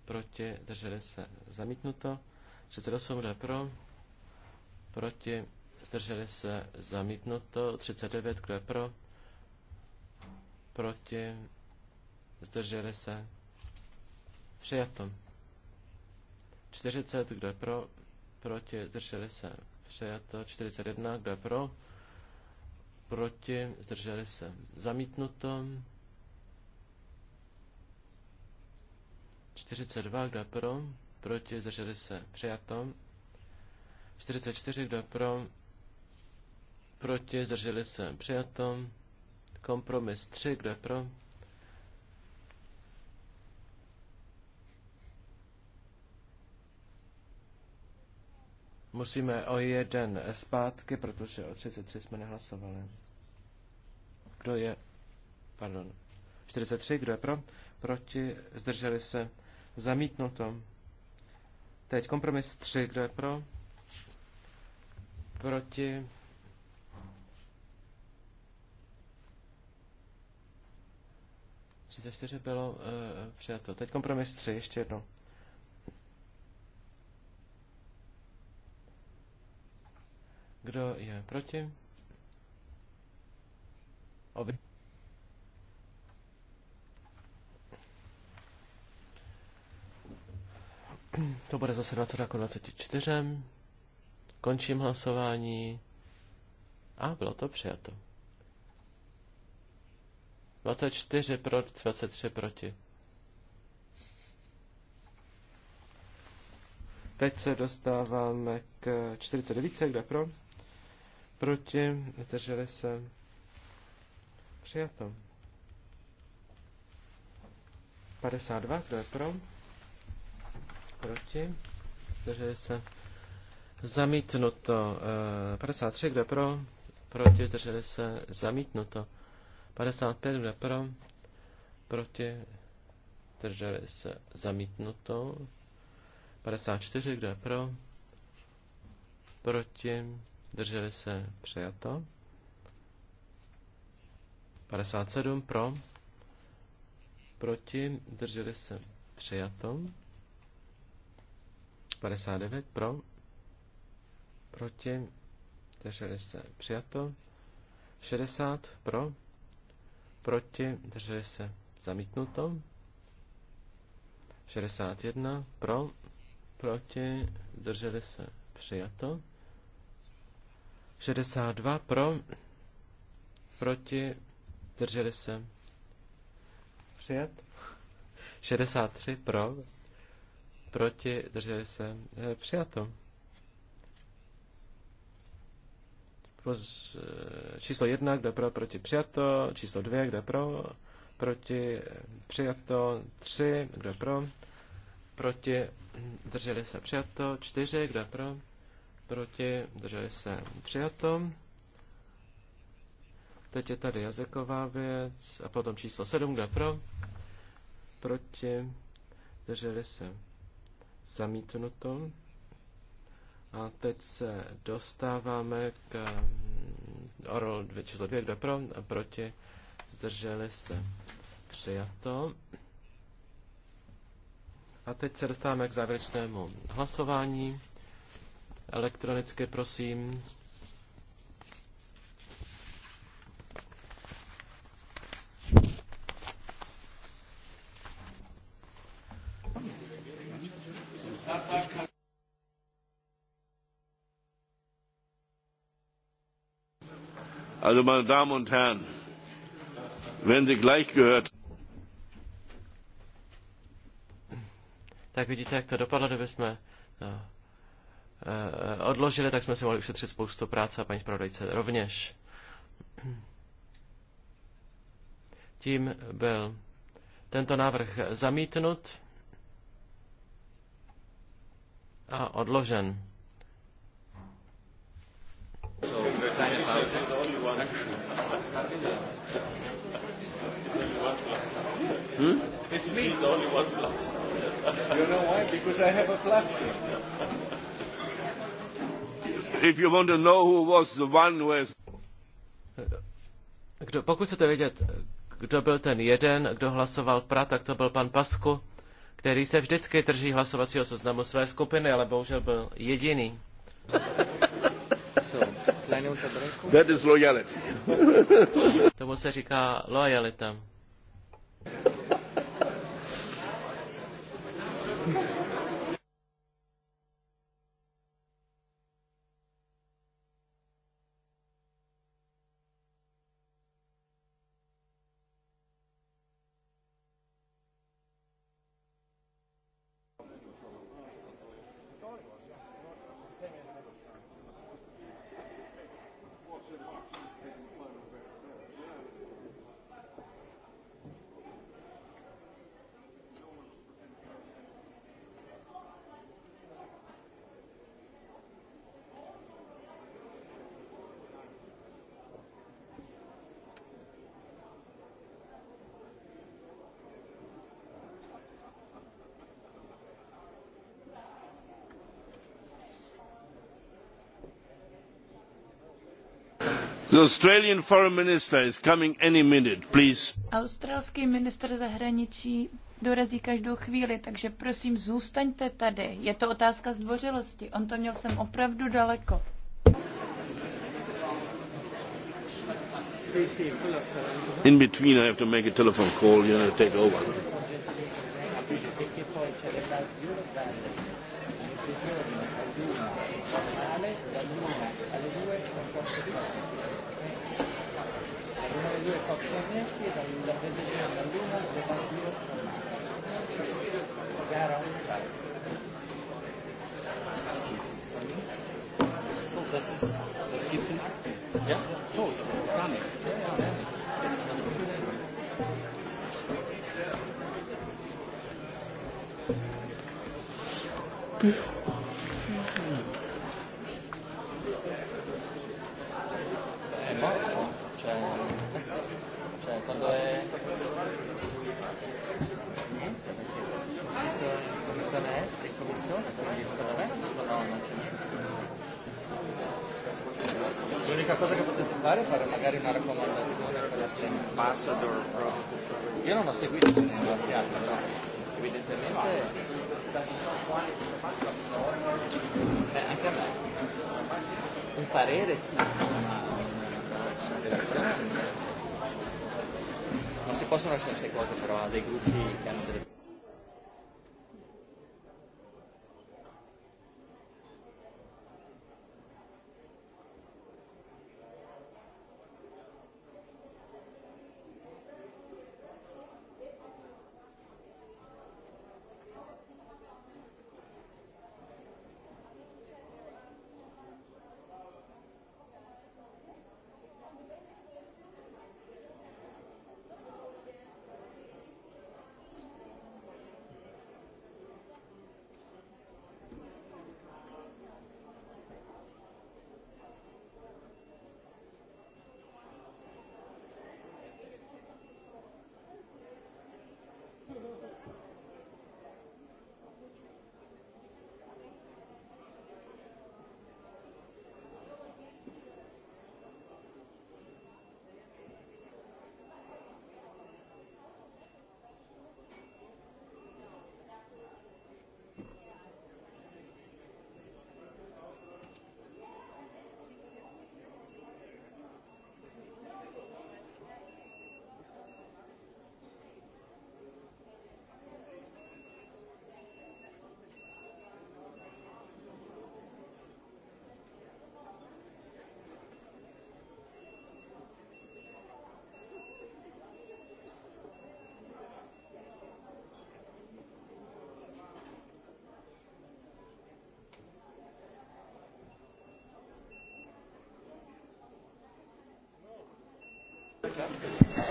proti, zdrželi se zamítnuto, 38, kdo je pro, proti, zdrželi se zamítnuto, 39, kdo je pro, proti, zdrželi se přijato. 40, kdo je pro, proti, zdrželi se přijato, 41, kdo je pro, proti, zdrželi se zamítnuto, 42, kdo je pro, proti, zdrželi se přijato, 44, kdo je pro, proti, zdrželi se, přijato. Kompromis 3, kdo je pro, Musíme o jeden zpátky, protože o 33 jsme nehlasovali. Kdo je? Pardon. 43, kdo je pro? Proti, zdrželi se. Zamítnuto. Teď kompromis 3, kdo je pro? proti, Třicet čtyři bylo uh, přijato. Teď kompromis tři, ještě jedno. Kdo je proti? Oby. To bude zase 20 jako 24. Končím hlasování. A bylo to přijato. 24 pro, 23 proti. Teď se dostáváme k 49, kde pro? Proti, drželi se. Přijato. 52, kdo je pro? Proti, drželi se. Zamítnuto. 53, eh, kdo pro? Proti, zdrželi se. Zamítnuto. 55, kdo pro? Proti, zdrželi se. Zamítnuto. 54, kdo pro? Proti, zdrželi se. Přijato. 57 pro, proti, drželi se přijato. 59 pro, proti, drželi se přijato, 60 pro, proti, drželi se zamítnuto, 61 pro, proti, drželi se přijato, 62 pro, proti, drželi se přijat, 63 pro, proti, drželi se eh, přijato. Eh, číslo jedna, kdo pro, proti přijato. Číslo dvě, kdo pro, proti přijato. Tři, kdo pro, proti drželi se přijato. Čtyři, kdo pro, proti drželi se přijato. Teď je tady jazyková věc a potom číslo sedm kde pro, proti, drželi se zamítnutou. A teď se dostáváme k mm, Oral 2 číslo 2, kdo pro, proti, zdrželi se, přijato. A teď se dostáváme k závěrečnému hlasování. Elektronicky prosím. Also, meine Damen und Herren, wenn Sie gleich gehört Tak vidíte, jak to dopadlo, kdyby jsme no, eh, odložili, tak jsme si mohli ušetřit spoustu práce a paní zpravodajce rovněž. Tím byl tento návrh zamítnut a odložen. So, Hmm? It's me. It's only one plus. you know why? Because I have a plus here. If you want to know who was the one who has... Kdo, pokud chcete vědět, kdo byl ten jeden, kdo hlasoval pra, tak to byl pan Pasku, který se vždycky drží hlasovacího seznamu své skupiny, ale bohužel byl jediný. That is loyalty. Tomu se říká lojalita. Australský minister zahraničí dorazí každou chvíli, takže prosím zůstaňte tady. Je to otázka zdvořilosti. On to měl sem opravdu daleko. In between I have to make a telephone call, you know, take over due quattromesi dalla vedere alla luna giovedì 8 gara 1 Das ist, das gibt's in Akten. Ja? Tot, gar nichts. paredes. Non si possono lasciare queste cose però a dei gruppi che hanno delle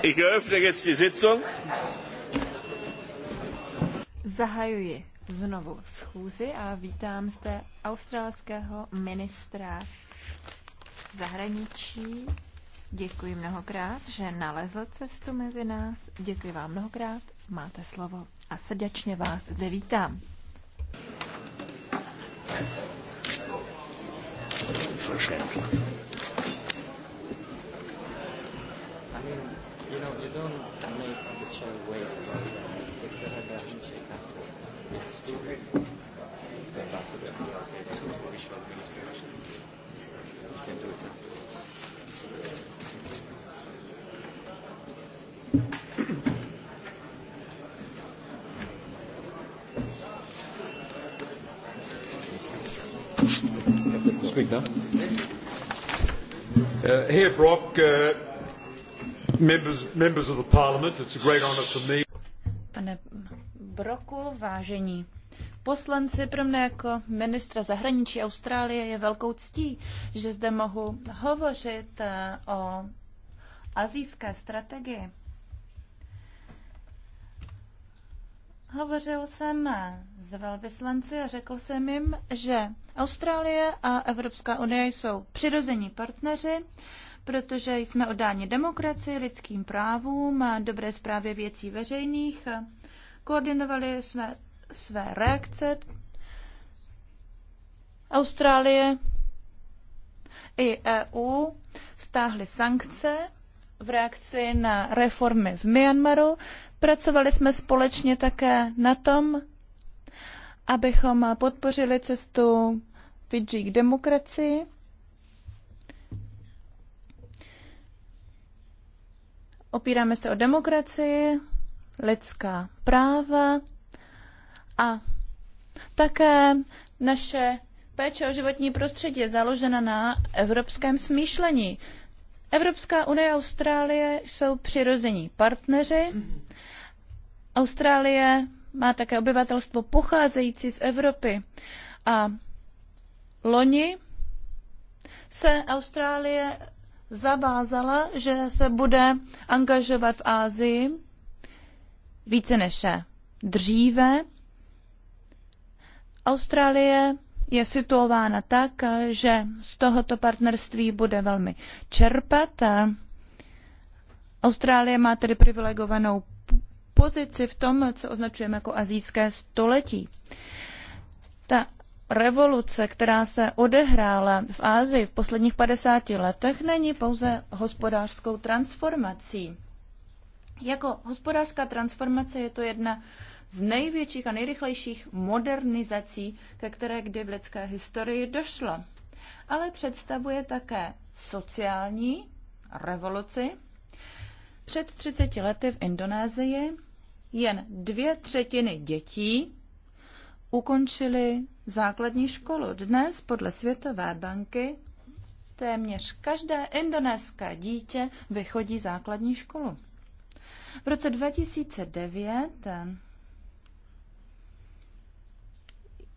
Ich eröffne jetzt die Sitzung. Zahajuji znovu schůzi a vítám zde australského ministra zahraničí. Děkuji mnohokrát, že nalezl cestu mezi nás. Děkuji vám mnohokrát, máte slovo a srdečně vás zde vítám. Verständlich. show ways that eh, could here, Brock. Eh, Pane Broku, vážení poslanci, pro mne jako ministra zahraničí Austrálie je velkou ctí, že zde mohu hovořit eh, o azijské strategii. Hovořil jsem eh, s velvyslanci a řekl jsem jim, že Austrálie a Evropská unie jsou přirození partneři, protože jsme oddáni demokracii, lidským právům, dobré zprávě věcí veřejných. Koordinovali jsme své reakce. Austrálie i EU stáhly sankce v reakci na reformy v Myanmaru. Pracovali jsme společně také na tom, abychom podpořili cestu Fidži k demokracii. opíráme se o demokracii, lidská práva a také naše péče o životní prostředí je založena na evropském smýšlení. Evropská unie a Austrálie jsou přirození partneři. Austrálie má také obyvatelstvo pocházející z Evropy. A loni se Austrálie zavázala, že se bude angažovat v Ázii více než dříve. Austrálie je situována tak, že z tohoto partnerství bude velmi čerpat. Austrálie má tedy privilegovanou pozici v tom, co označujeme jako azijské století. Ta revoluce, která se odehrála v Ázii v posledních 50 letech, není pouze hospodářskou transformací. Jako hospodářská transformace je to jedna z největších a nejrychlejších modernizací, ke které kdy v lidské historii došlo. Ale představuje také sociální revoluci. Před 30 lety v Indonésii jen dvě třetiny dětí ukončili základní školu. Dnes podle Světové banky téměř každé indonéské dítě vychodí základní školu. V roce 2009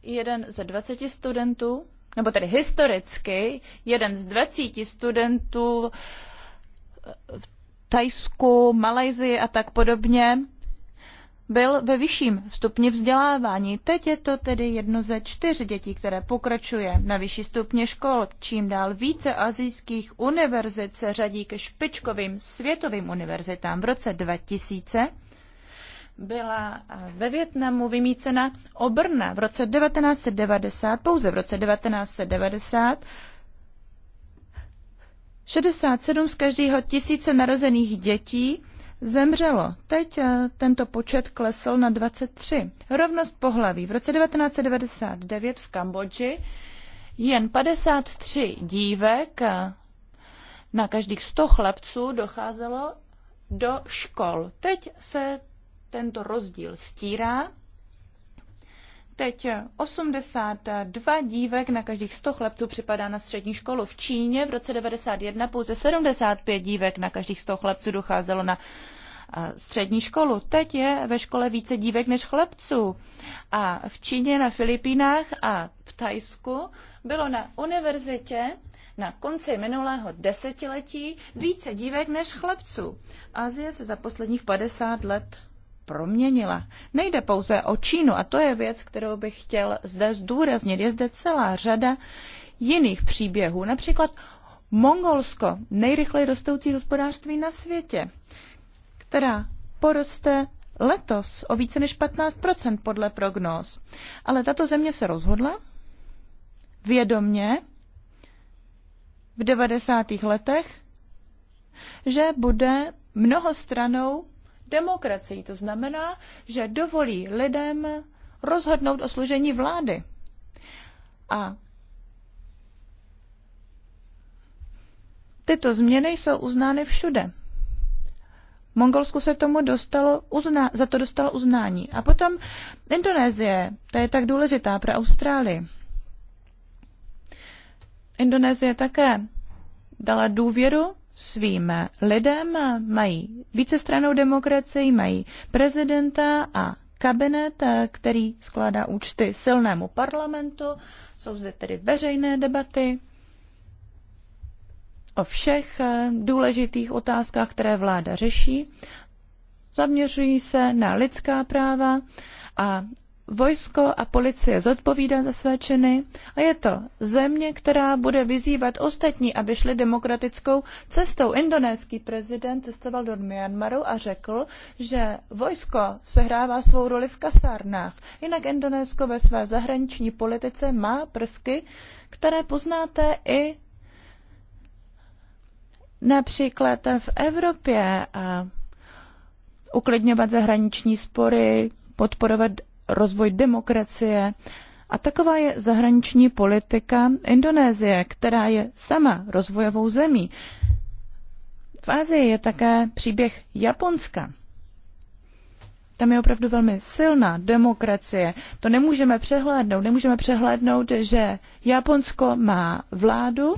jeden ze 20 studentů, nebo tedy historicky, jeden z 20 studentů v Tajsku, Malajzii a tak podobně byl ve vyšším stupni vzdělávání. Teď je to tedy jedno ze čtyř dětí, které pokračuje na vyšší stupně škol. Čím dál více azijských univerzit se řadí ke špičkovým světovým univerzitám. V roce 2000 byla ve Větnamu vymícena obrna v roce 1990, pouze v roce 1990, 67 z každého tisíce narozených dětí zemřelo. Teď eh, tento počet klesl na 23. Rovnost pohlaví. V roce 1999 v Kambodži jen 53 dívek eh, na každých 100 chlapců docházelo do škol. Teď se tento rozdíl stírá Teď 82 dívek na každých 100 chlapců připadá na střední školu. V Číně v roce 91 pouze 75 dívek na každých 100 chlapců docházelo na střední školu. Teď je ve škole více dívek než chlapců. A v Číně, na Filipínách a v Tajsku bylo na univerzitě na konci minulého desetiletí více dívek než chlapců. Azie se za posledních 50 let proměnila. Nejde pouze o Čínu a to je věc, kterou bych chtěl zde zdůraznit. Je zde celá řada jiných příběhů, například Mongolsko, nejrychleji rostoucí hospodářství na světě, která poroste letos o více než 15 podle prognóz. Ale tato země se rozhodla vědomně v 90. letech, že bude mnohostranou demokracií. To znamená, že dovolí lidem rozhodnout o služení vlády. A tyto změny jsou uznány všude. Mongolsku se tomu dostalo uzna, za to dostalo uznání. A potom Indonésie, ta je tak důležitá pro Austrálii. Indonésie také dala důvěru svým lidem, mají vícestranou demokracii, mají prezidenta a kabinet, který skládá účty silnému parlamentu. Jsou zde tedy veřejné debaty o všech důležitých otázkách, které vláda řeší. Zaměřují se na lidská práva a vojsko a policie zodpovídá za své činy a je to země, která bude vyzývat ostatní, aby šli demokratickou cestou. Indonéský prezident cestoval do Myanmaru a řekl, že vojsko sehrává svou roli v kasárnách. Jinak Indonésko ve své zahraniční politice má prvky, které poznáte i například v Evropě a uklidňovat zahraniční spory, podporovat rozvoj demokracie. A taková je zahraniční politika Indonésie, která je sama rozvojovou zemí. V Ázii je také příběh Japonska. Tam je opravdu velmi silná demokracie. To nemůžeme přehlédnout. Nemůžeme přehlédnout, že Japonsko má vládu,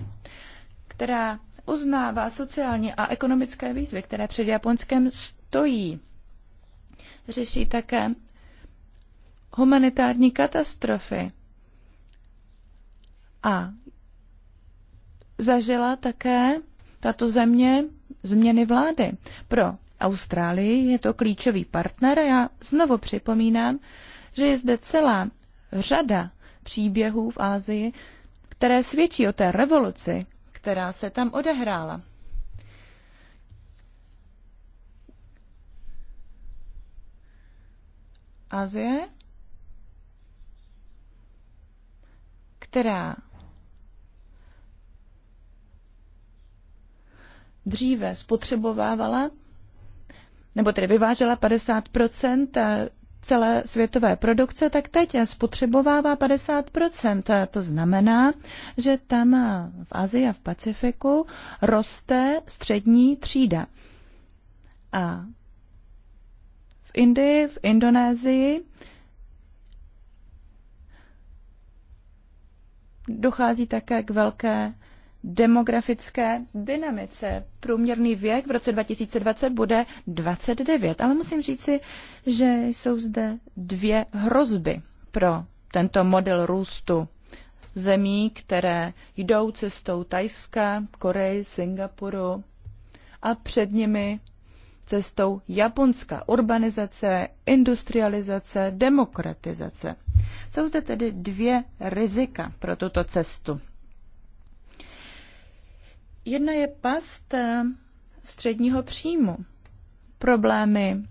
která uznává sociální a ekonomické výzvy, které před Japonskem stojí. Řeší také humanitární katastrofy. A zažila také tato země změny vlády. Pro Austrálii je to klíčový partner a já znovu připomínám, že je zde celá řada příběhů v Ázii, které svědčí o té revoluci, která se tam odehrála. Azie která dříve spotřebovávala, nebo tedy vyvážela 50 celé světové produkce, tak teď spotřebovává 50 To znamená, že tam v Asii a v Pacifiku roste střední třída. A v Indii, v Indonésii dochází také k velké demografické dynamice. Průměrný věk v roce 2020 bude 29, ale musím říci, že jsou zde dvě hrozby pro tento model růstu zemí, které jdou cestou Tajska, Koreji, Singapuru a před nimi cestou japonská Urbanizace, industrializace, demokratizace. Jsou zde tedy dvě rizika pro tuto cestu. Jedna je past eh, středního příjmu. Problémy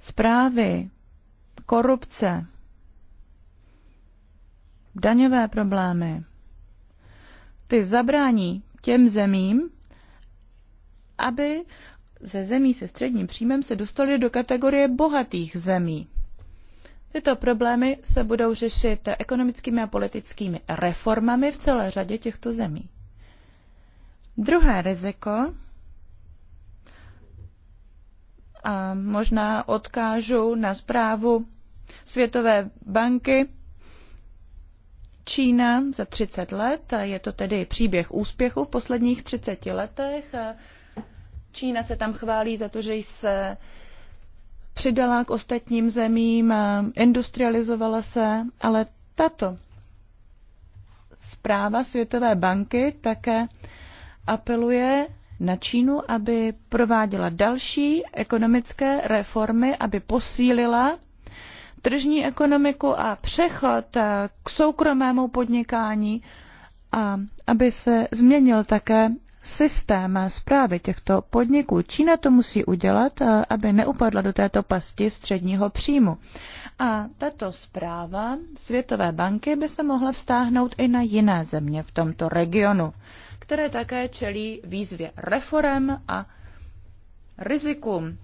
zprávy, korupce, daňové problémy. Ty zabrání těm zemím, aby ze zemí se středním příjmem se dostali do kategorie bohatých zemí. Tyto problémy se budou řešit ekonomickými a politickými reformami v celé řadě těchto zemí. Druhé riziko, a možná odkážu na zprávu Světové banky, Čína za 30 let, je to tedy příběh úspěchu v posledních 30 letech, Čína se tam chválí za to, že se přidala k ostatním zemím, eh, industrializovala se, ale tato zpráva Světové banky také apeluje na Čínu, aby prováděla další ekonomické reformy, aby posílila tržní ekonomiku a přechod eh, k soukromému podnikání a aby se změnil také systém zprávy těchto podniků. Čína to musí udělat, eh, aby neupadla do této pasti středního příjmu. A tato zpráva Světové banky by se mohla vztáhnout i na jiné země v tomto regionu, které také čelí výzvě reform a rizikům.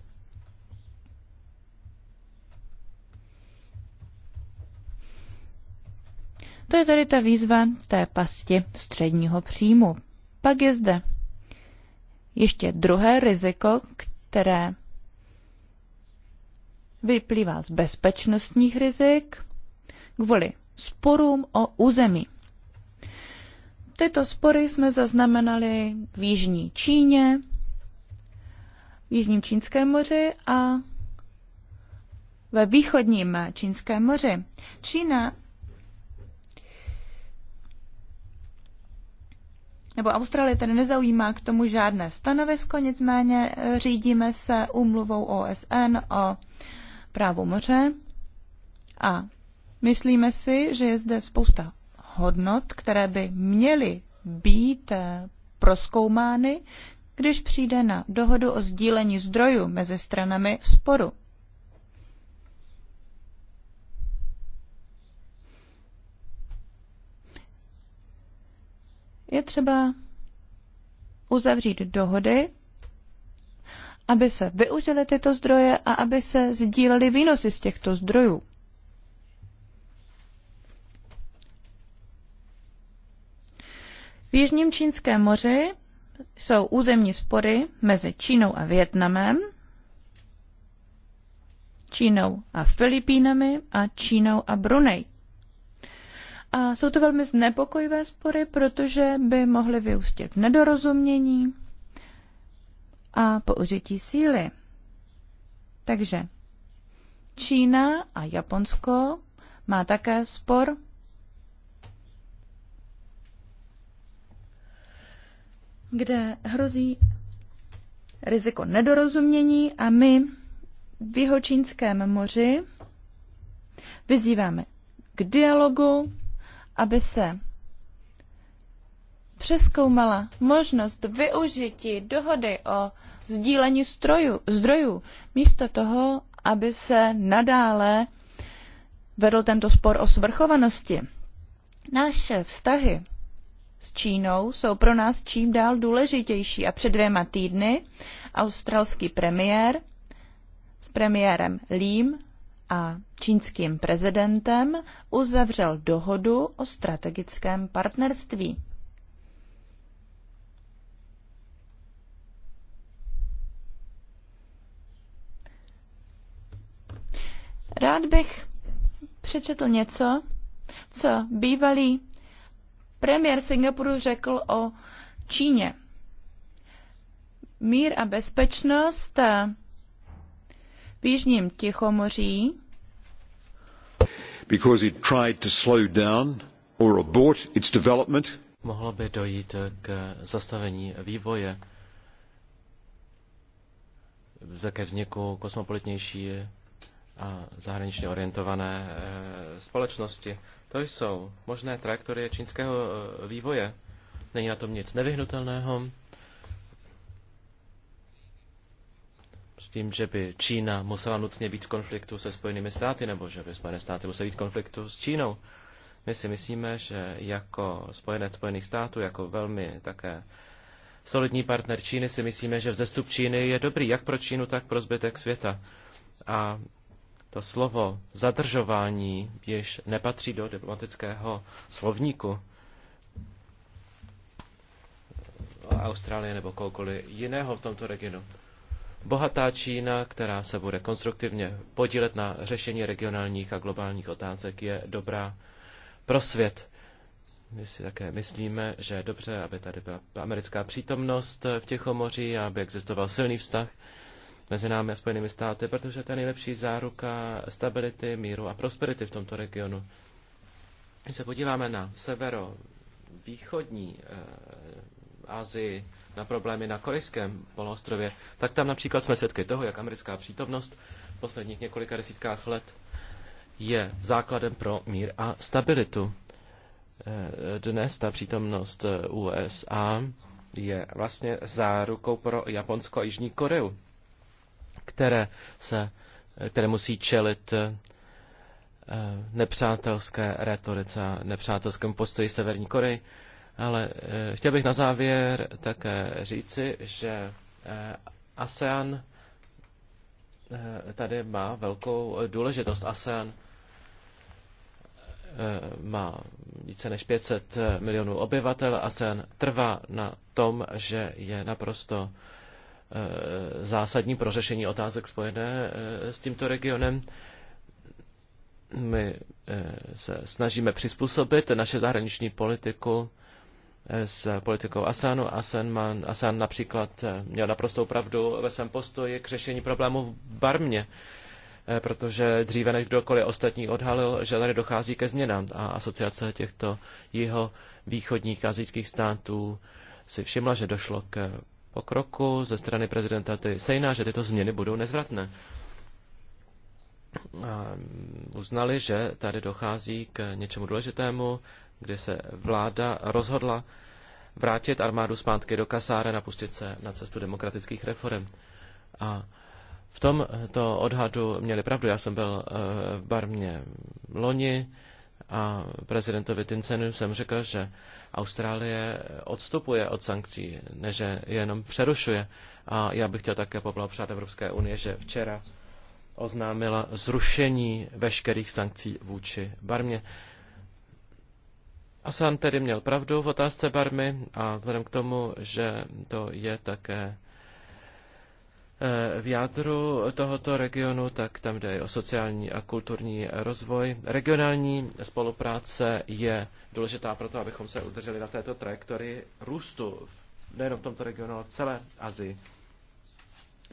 To je tedy ta výzva té pasti středního příjmu. Pak je zde ještě druhé riziko, které vyplývá z bezpečnostních rizik kvůli sporům o území. Tyto spory jsme zaznamenali v Jižní Číně, v Jižním Čínském moři a ve východním Čínském moři. Čína nebo Austrálie tedy nezaujímá k tomu žádné stanovisko, nicméně eh, řídíme se umluvou OSN o právu moře a myslíme si, že je zde spousta hodnot, které by měly být eh, proskoumány, když přijde na dohodu o sdílení zdrojů mezi stranami sporu. Je třeba uzavřít dohody, aby se využily tyto zdroje a aby se sdílely výnosy z těchto zdrojů. V Jižním Čínském moři jsou územní spory mezi Čínou a Větnamem, Čínou a Filipínami a Čínou a Brunei. A jsou to velmi znepokojivé spory, protože by mohly vyústit v nedorozumění a použití síly. Takže Čína a Japonsko má také spor. kde hrozí riziko nedorozumění a my v Jihočínském moři vyzýváme k dialogu, aby se přeskoumala možnost využití dohody o sdílení stroju, zdrojů, místo toho, aby se nadále vedl tento spor o svrchovanosti. Naše vztahy s Čínou jsou pro nás čím dál důležitější a před dvěma týdny australský premiér s premiérem Lím a čínským prezidentem uzavřel dohodu o strategickém partnerství. Rád bych přečetl něco, co bývalý premiér Singapuru řekl o Číně. Mír a bezpečnost v Jižním Tichomoří because it tried to slow down or abort its development. Mohlo by dojít k zastavení vývoje, ke vzniku kosmopolitnější a zahraničně orientované eh, společnosti. To jsou možné trajektorie čínského eh, vývoje. Není na tom nic nevyhnutelného. s tím, že by Čína musela nutně být v konfliktu se Spojenými státy, nebo že by Spojené státy musely být v konfliktu s Čínou. My si myslíme, že jako spojenec Spojených států, jako velmi také solidní partner Číny, si myslíme, že vzestup Číny je dobrý jak pro Čínu, tak pro zbytek světa. A to slovo zadržování již nepatří do diplomatického slovníku Austrálie nebo koukoliv jiného v tomto regionu bohatá Čína, která se bude konstruktivně podílet na řešení regionálních a globálních otázek, je dobrá pro svět. My si také myslíme, že je dobře, aby tady byla americká přítomnost v Tichomoří a aby existoval silný vztah mezi námi a Spojenými státy, protože to je nejlepší záruka stability, míru a prosperity v tomto regionu. Když se podíváme na severo východní eh, Asii, na problémy na Korejském poloostrově, tak tam například jsme svědky toho, jak americká přítomnost v posledních několika desítkách let je základem pro mír a stabilitu. Eh, dnes ta přítomnost eh, USA je vlastně zárukou pro Japonsko a Jižní Koreu, které, se, eh, které musí čelit nepřátelské retorice a nepřátelskému postoji Severní Koreji. Ale eh, chtěl bych na závěr také říci, že eh, ASEAN eh, tady má velkou důležitost. ASEAN má více než 500 milionů obyvatel. ASEAN trvá na tom, že je naprosto zásadní pro řešení otázek spojené s tímto regionem. My se snažíme přizpůsobit naše zahraniční politiku s politikou Asanu. Asan, má, Asan například eh, měl naprostou pravdu ve svém postoji k řešení problému v Barmě, eh, protože dříve než kdokoliv ostatní odhalil, že tady dochází ke změnám a asociace těchto jeho východních azijských států si všimla, že došlo k pokroku ze strany prezidenta Sejna, že tyto změny budou nezvratné. A mm, uznali, že tady dochází k něčemu důležitému, kde se vláda rozhodla vrátit armádu zpátky do Kasáre a pustit se na cestu demokratických reform. A v tomto odhadu měli pravdu. Já jsem byl eh, v Barmě loni a prezidentovi Tincenu jsem řekl, že Austrálie odstupuje od sankcí, než jenom přerušuje. A já bych chtěl také poblahopřát Evropské unie, že včera oznámila zrušení veškerých sankcí vůči Barmě. A sám tedy měl pravdu v otázce Barmy a vzhledem k tomu, že to je také eh, v jádru tohoto regionu, tak tam jde i o sociální a kulturní rozvoj. Regionální spolupráce je důležitá pro to, abychom se udrželi na této trajektorii růstu nejenom v tomto regionu, ale v celé Azii.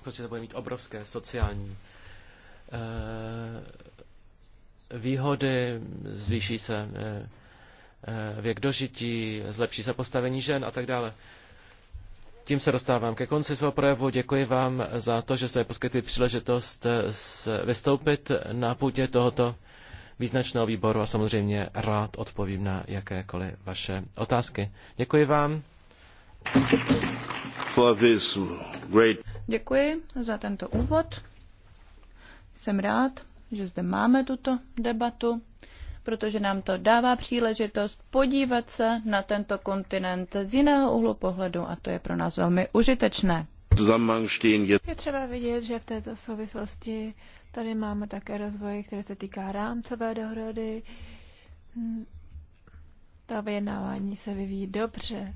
Protože to bude mít obrovské sociální eh, výhody, zvýší se eh, Eh, věk dožití, zlepší se postavení žen a tak dále. Tím se dostávám ke konci svého projevu. Děkuji vám za to, že jste poskytli příležitost eh, vystoupit na půdě tohoto význačného výboru a samozřejmě rád odpovím na jakékoliv vaše otázky. Děkuji vám. Great... Děkuji za tento úvod. Jsem rád, že zde máme tuto debatu protože nám to dává příležitost podívat se na tento kontinent z jiného úhlu pohledu a to je pro nás velmi užitečné. Je třeba vidět, že v této souvislosti tady máme také rozvoj, který se týká rámcové dohody. Ta vyjednávání se vyvíjí dobře.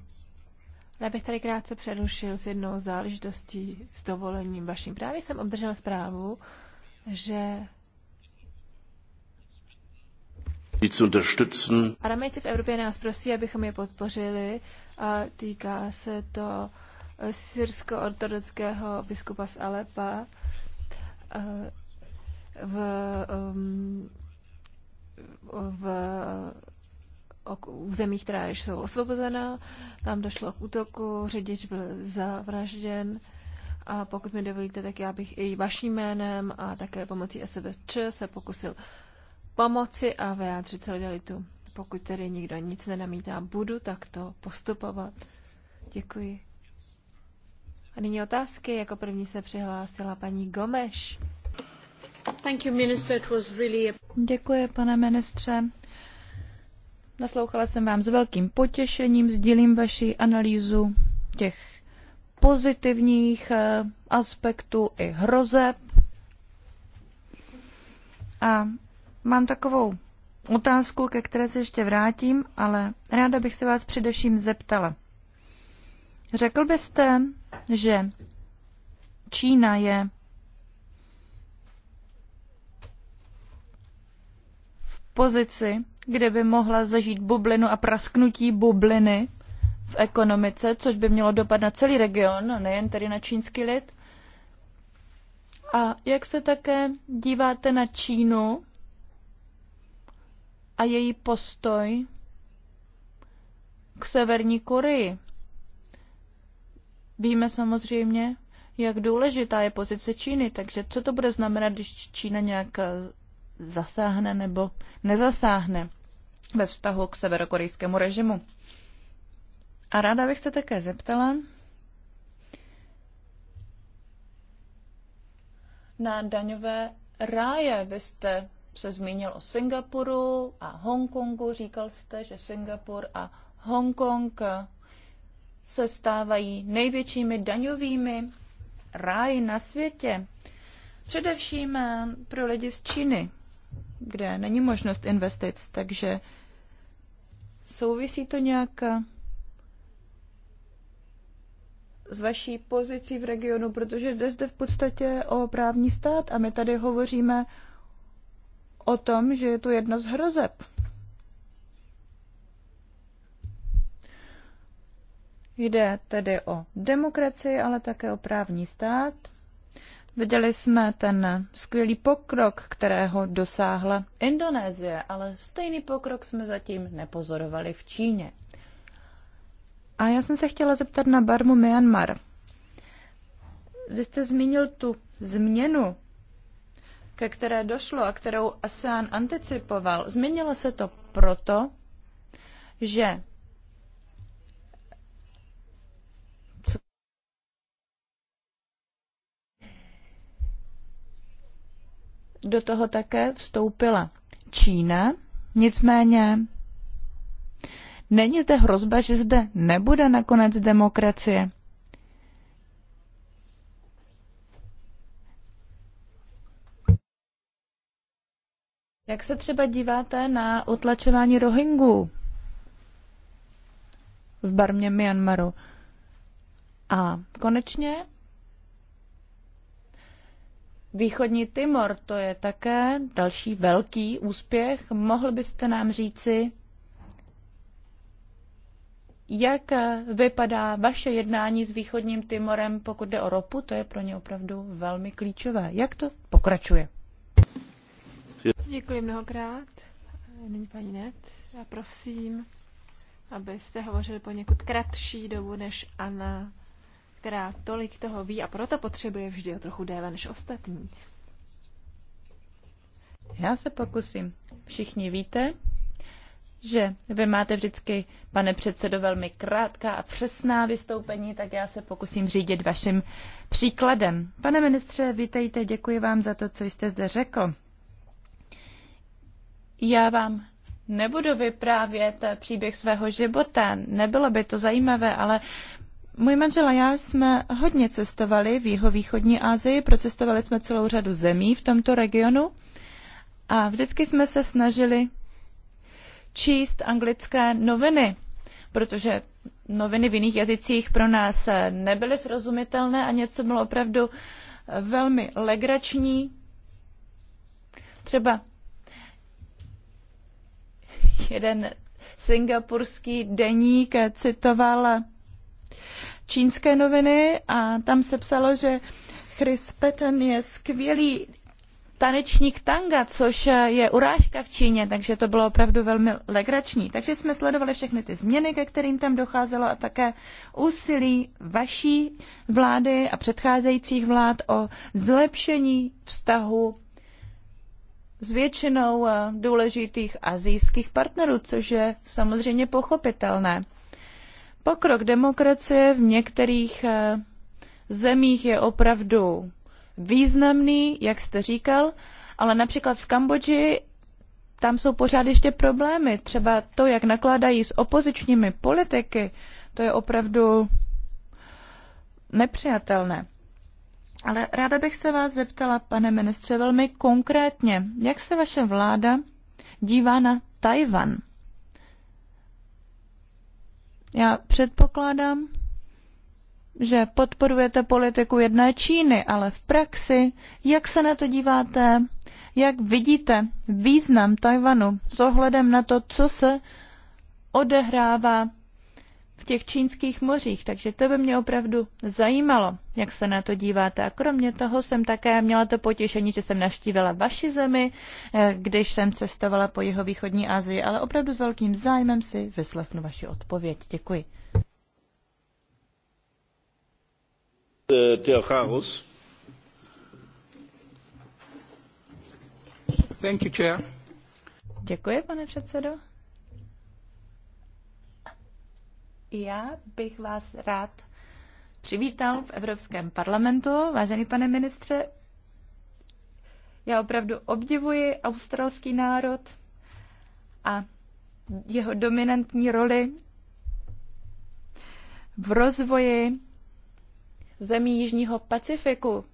Já bych tady krátce přerušil s jednou záležitostí s dovolením vaším. Právě jsem obdržel zprávu, že Aramejci v Evropě nás prosí, abychom je podpořili a týká se to eh, syrsko-ortodoxského biskupa z Alepa eh, v, eh, v, v zemích, která jsou osvobozená. Tam došlo k útoku, řidič byl zavražděn. A pokud mi dovolíte, tak já bych i vaším jménem a také pomocí SBČ se pokusil pomoci a vyjádřit solidaritu. Pokud tedy nikdo nic nenamítá, budu takto postupovat. Děkuji. A nyní otázky. Jako první se přihlásila paní Gomeš. Děkuji, pane ministře. Naslouchala jsem vám s velkým potěšením, sdílím vaši analýzu těch pozitivních eh, aspektů i hrozeb. A Mám takovou otázku, ke které se ještě vrátím, ale ráda bych se vás především zeptala. Řekl byste, že Čína je v pozici, kde by mohla zažít bublinu a prasknutí bubliny v ekonomice, což by mělo dopad na celý region, nejen tedy na čínský lid. A jak se také díváte na Čínu a její postoj k Severní Koreji. Víme samozřejmě, jak důležitá je pozice Číny, takže co to bude znamenat, když Čína nějak eh, zasáhne nebo nezasáhne ve vztahu k severokorejskému režimu. A ráda bych se také zeptala na daňové ráje. Vy jste se zmínil o Singapuru a Hongkongu. Říkal jste, že Singapur a Hongkong se stávají největšími daňovými ráji na světě. Především eh, pro lidi z Číny, kde není možnost investic, takže souvisí to nějak eh, s vaší pozicí v regionu, protože jde zde v podstatě o právní stát a my tady hovoříme o tom, že je to jedno z hrozeb. Jde tedy o demokracii, ale také o právní stát. Viděli jsme ten skvělý pokrok, kterého dosáhla Indonésie, ale stejný pokrok jsme zatím nepozorovali v Číně. A já jsem se chtěla zeptat na barmu Myanmar. Vy jste zmínil tu změnu ke které došlo a kterou ASEAN anticipoval, změnilo se to proto, že do toho také vstoupila Čína, nicméně není zde hrozba, že zde nebude nakonec demokracie. Jak se třeba díváte na utlačování Rohingů v barmě Myanmaru? A konečně Východní Timor, to je také další velký úspěch. Mohl byste nám říci, jak vypadá vaše jednání s Východním Timorem, pokud jde o ropu, to je pro ně opravdu velmi klíčové. Jak to pokračuje? Děkuji mnohokrát. Nyní paní Net, já prosím, abyste hovořili poněkud kratší dobu než Anna, která tolik toho ví a proto potřebuje vždy o trochu déle než ostatní. Já se pokusím. Všichni víte, že vy máte vždycky, pane předsedo, velmi krátká a přesná vystoupení, tak já se pokusím řídit vaším příkladem. Pane ministře, vítejte, děkuji vám za to, co jste zde řekl. Já vám nebudu vyprávět příběh svého života, nebylo by to zajímavé, ale můj manžel a já jsme hodně cestovali v jihovýchodní Asii, procestovali jsme celou řadu zemí v tomto regionu a vždycky jsme se snažili číst anglické noviny, protože noviny v jiných jazycích pro nás nebyly srozumitelné a něco bylo opravdu velmi legrační. Třeba jeden singapurský deník citoval čínské noviny a tam se psalo, že Chris Patton je skvělý tanečník tanga, což je urážka v Číně, takže to bylo opravdu velmi legrační. Takže jsme sledovali všechny ty změny, ke kterým tam docházelo a také úsilí vaší vlády a předcházejících vlád o zlepšení vztahu s většinou eh, důležitých azijských partnerů, což je samozřejmě pochopitelné. Pokrok demokracie v některých eh, zemích je opravdu významný, jak jste říkal, ale například v Kambodži tam jsou pořád ještě problémy. Třeba to, jak nakládají s opozičními politiky, to je opravdu nepřijatelné. Ale ráda bych se vás zeptala, pane ministře, velmi konkrétně, jak se vaše vláda dívá na Tajvan? Já předpokládám, že podporujete politiku jedné Číny, ale v praxi, jak se na to díváte, jak vidíte význam Tajvanu s ohledem na to, co se odehrává těch čínských mořích, takže to by mě opravdu zajímalo, jak se na to díváte. A kromě toho jsem také měla to potěšení, že jsem navštívila vaši zemi, eh, když jsem cestovala po jeho východní Asii, ale opravdu s velkým zájmem si vyslechnu vaši odpověď. Děkuji. Eh, Theocharus. Thank you, chair. Děkuji, pane předsedo. Já bych vás rád přivítal v Evropském parlamentu, vážený pane ministře. Já opravdu obdivuji australský národ a jeho dominantní roli v rozvoji zemí Jižního Pacifiku.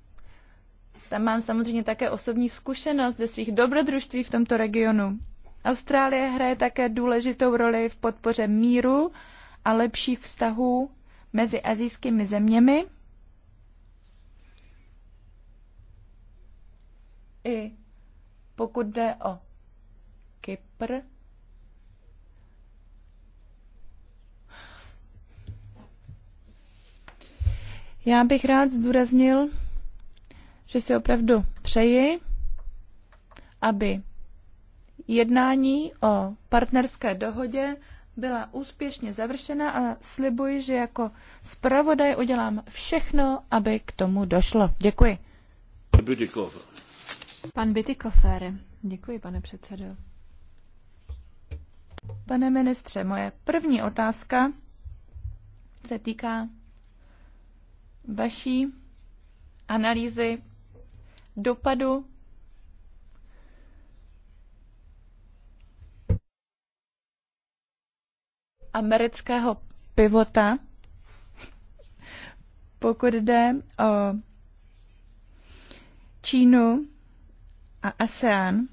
Tam mám samozřejmě také osobní zkušenost ze svých dobrodružství v tomto regionu. Austrálie hraje také důležitou roli v podpoře míru a lepších vztahů mezi azijskými zeměmi i pokud jde o Kypr, Já bych rád zdůraznil, že si opravdu přeji, aby jednání o partnerské dohodě byla úspěšně završena a slibuji, že jako zpravodaj udělám všechno, aby k tomu došlo. Děkuji. Bytikofer. Pan Bytikofer. Děkuji, pane předsedo. Pane ministře, moje první otázka se týká vaší analýzy dopadu amerického pivota, pokud jde o Čínu a ASEAN.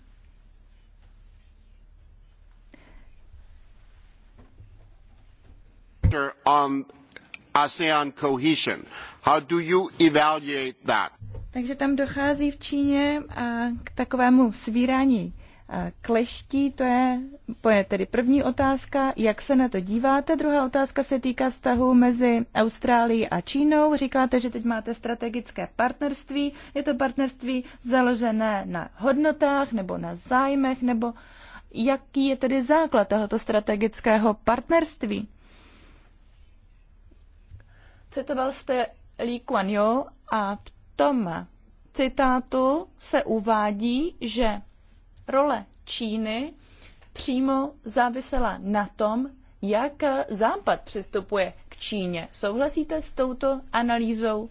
On ASEAN cohesion. How do you evaluate that? Takže tam dochází v Číně k takovému svírání kleští, to je, to je tedy první otázka, jak se na to díváte. Druhá otázka se týká vztahu mezi Austrálií a Čínou. Říkáte, že teď máte strategické partnerství. Je to partnerství založené na hodnotách nebo na zájmech, nebo jaký je tedy základ tohoto strategického partnerství? Citoval jste Lee Kuan Yew a v tom citátu se uvádí, že Role Číny přímo závisela na tom, jak Západ přistupuje k Číně. Souhlasíte s touto analýzou?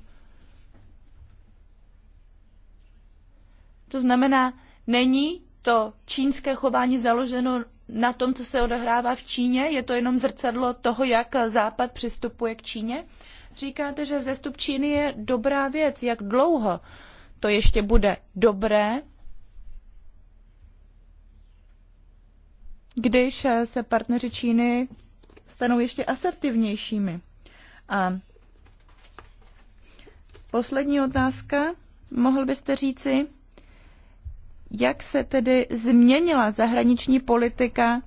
To znamená, není to čínské chování založeno na tom, co se odehrává v Číně? Je to jenom zrcadlo toho, jak Západ přistupuje k Číně? Říkáte, že vzestup Číny je dobrá věc. Jak dlouho to ještě bude dobré? když eh, se partneři Číny stanou ještě asertivnějšími. A poslední otázka. Mohl byste říci, jak se tedy změnila zahraniční politika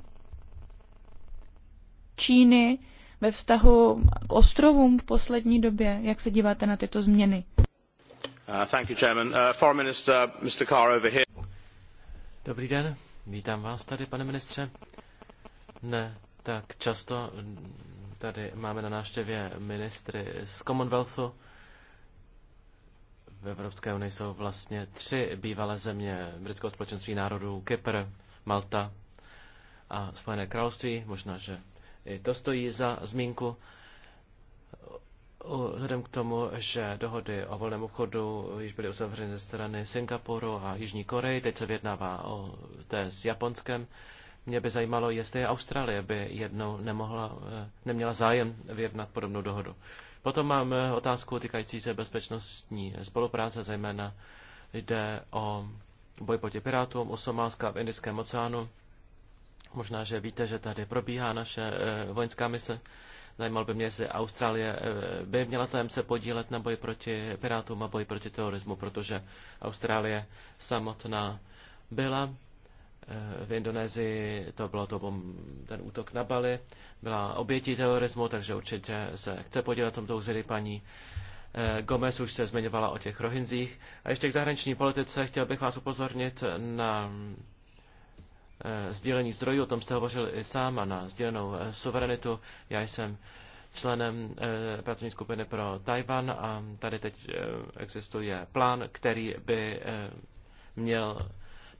Číny ve vztahu k ostrovům v poslední době? Jak se díváte na tyto změny? Uh, thank you, Chairman. Uh, Foreign Minister, Mr. Carr over here. Dobrý den, Vítám vás tady, pane ministře. Ne, tak často tady máme na návštěvě ministry z Commonwealthu. V Evropské unii jsou vlastně tři bývalé země britského společenství národů, Kypr, Malta a Spojené království. Možná, že i to stojí za zmínku. Vzhledem k tomu, že dohody o volném obchodu již byly uzavřeny ze strany Singapuru a Jižní Koreji, teď se vyjednává o té s Japonskem, mě by zajímalo, jestli Austrálie by jednou nemohla, e, neměla zájem vyjednat podobnou dohodu. Potom mám otázku týkající se bezpečnostní spolupráce, zejména jde o boj proti pirátům u Somálska v Indickém oceánu. Možná, že víte, že tady probíhá naše e, vojenská mise. Zajímal by mě, jestli Austrálie eh, by měla zájem se podílet na boji proti pirátům a boji proti terorismu, protože Austrálie samotná byla eh, v Indonésii, to bylo to, ten útok na Bali, byla obětí terorismu, takže určitě se chce podílet tomto území paní eh, Gomez už se zmiňovala o těch rohinzích. A ještě k zahraniční politice chtěl bych vás upozornit na Eh, sdílení zdrojů, o tom jste hovořil i sám, a na sdílenou eh, suverenitu. Já jsem členem eh, pracovní skupiny pro Tajvan a tady teď existuje plán, který by měl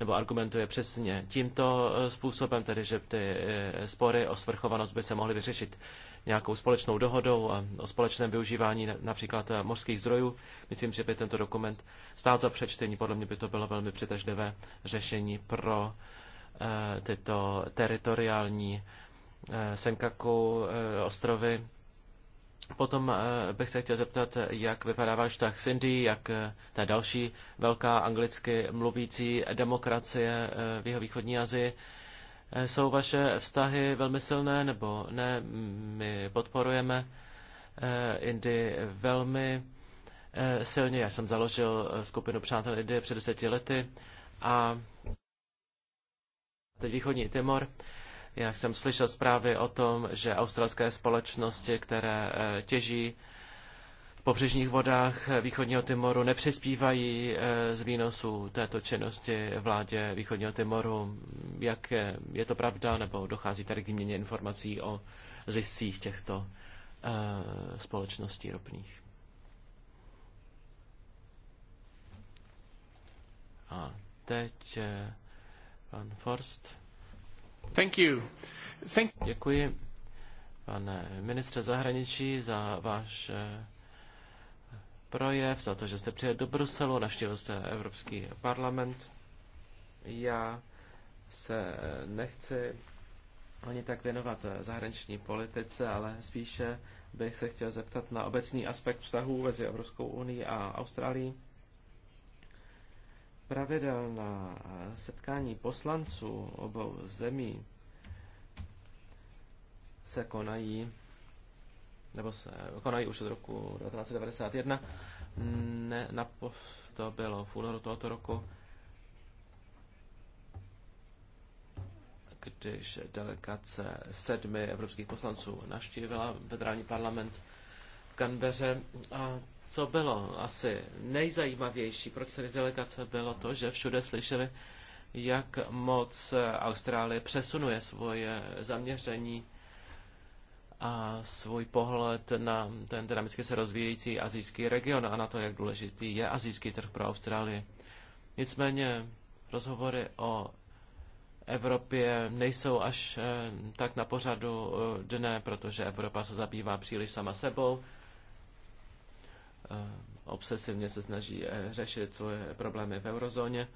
nebo argumentuje přesně tímto způsobem, tedy že ty spory o svrchovanost by se mohly vyřešit nějakou společnou dohodou o společném využívání například mořských zdrojů. Myslím, že by tento dokument stál za přečtení. Podle mě by to bylo velmi přitažlivé řešení pro uh, Eh, tyto teritoriální eh, Senkaku eh, ostrovy. Potom bych se chtěl zeptat, jak vypadá váš vztah s Indií, jak ta další velká anglicky mluvící demokracie v jeho východní Azii. Jsou vaše vztahy velmi silné nebo ne? My podporujeme Indy velmi silně. Já jsem založil skupinu Přátel Indie před deseti lety a teď východní Timor. Já jsem slyšel zprávy o tom, že australské společnosti, které eh, těží v pobřežních vodách eh, východního Timoru, nepřispívají eh, z výnosů této činnosti vládě východního Timoru. Jak je, je to pravda, nebo dochází tady k výměně informací o ziscích těchto společností ropných? A teď Pan Forst. Thank you. Thank... Děkuji, pane ministře zahraničí, za váš eh, projev, za to, že jste přijel do Bruselu, navštívil jste Evropský parlament. Já se eh, nechci ani tak věnovat eh, zahraniční politice, ale spíše bych se chtěl zeptat na obecný aspekt vztahů mezi Evropskou unii a Austrálií pravidelná setkání poslanců obou zemí se konají, nebo se konají už od roku 1991. Ne, na, to bylo v únoru tohoto roku, když delegace sedmi evropských poslanců naštívila federální parlament v Kanbeře a co bylo asi nejzajímavější pro které delegace, bylo to, že všude slyšeli, jak moc Austrálie přesunuje svoje zaměření a svůj pohled na ten dynamicky se rozvíjející azijský region a na to, jak důležitý je azijský trh pro Austrálii. Nicméně rozhovory o Evropě nejsou až eh, tak na pořadu eh, dne, protože Evropa se zabývá příliš sama sebou Eh, obsesivně se snaží eh, řešit svoje problémy v eurozóně.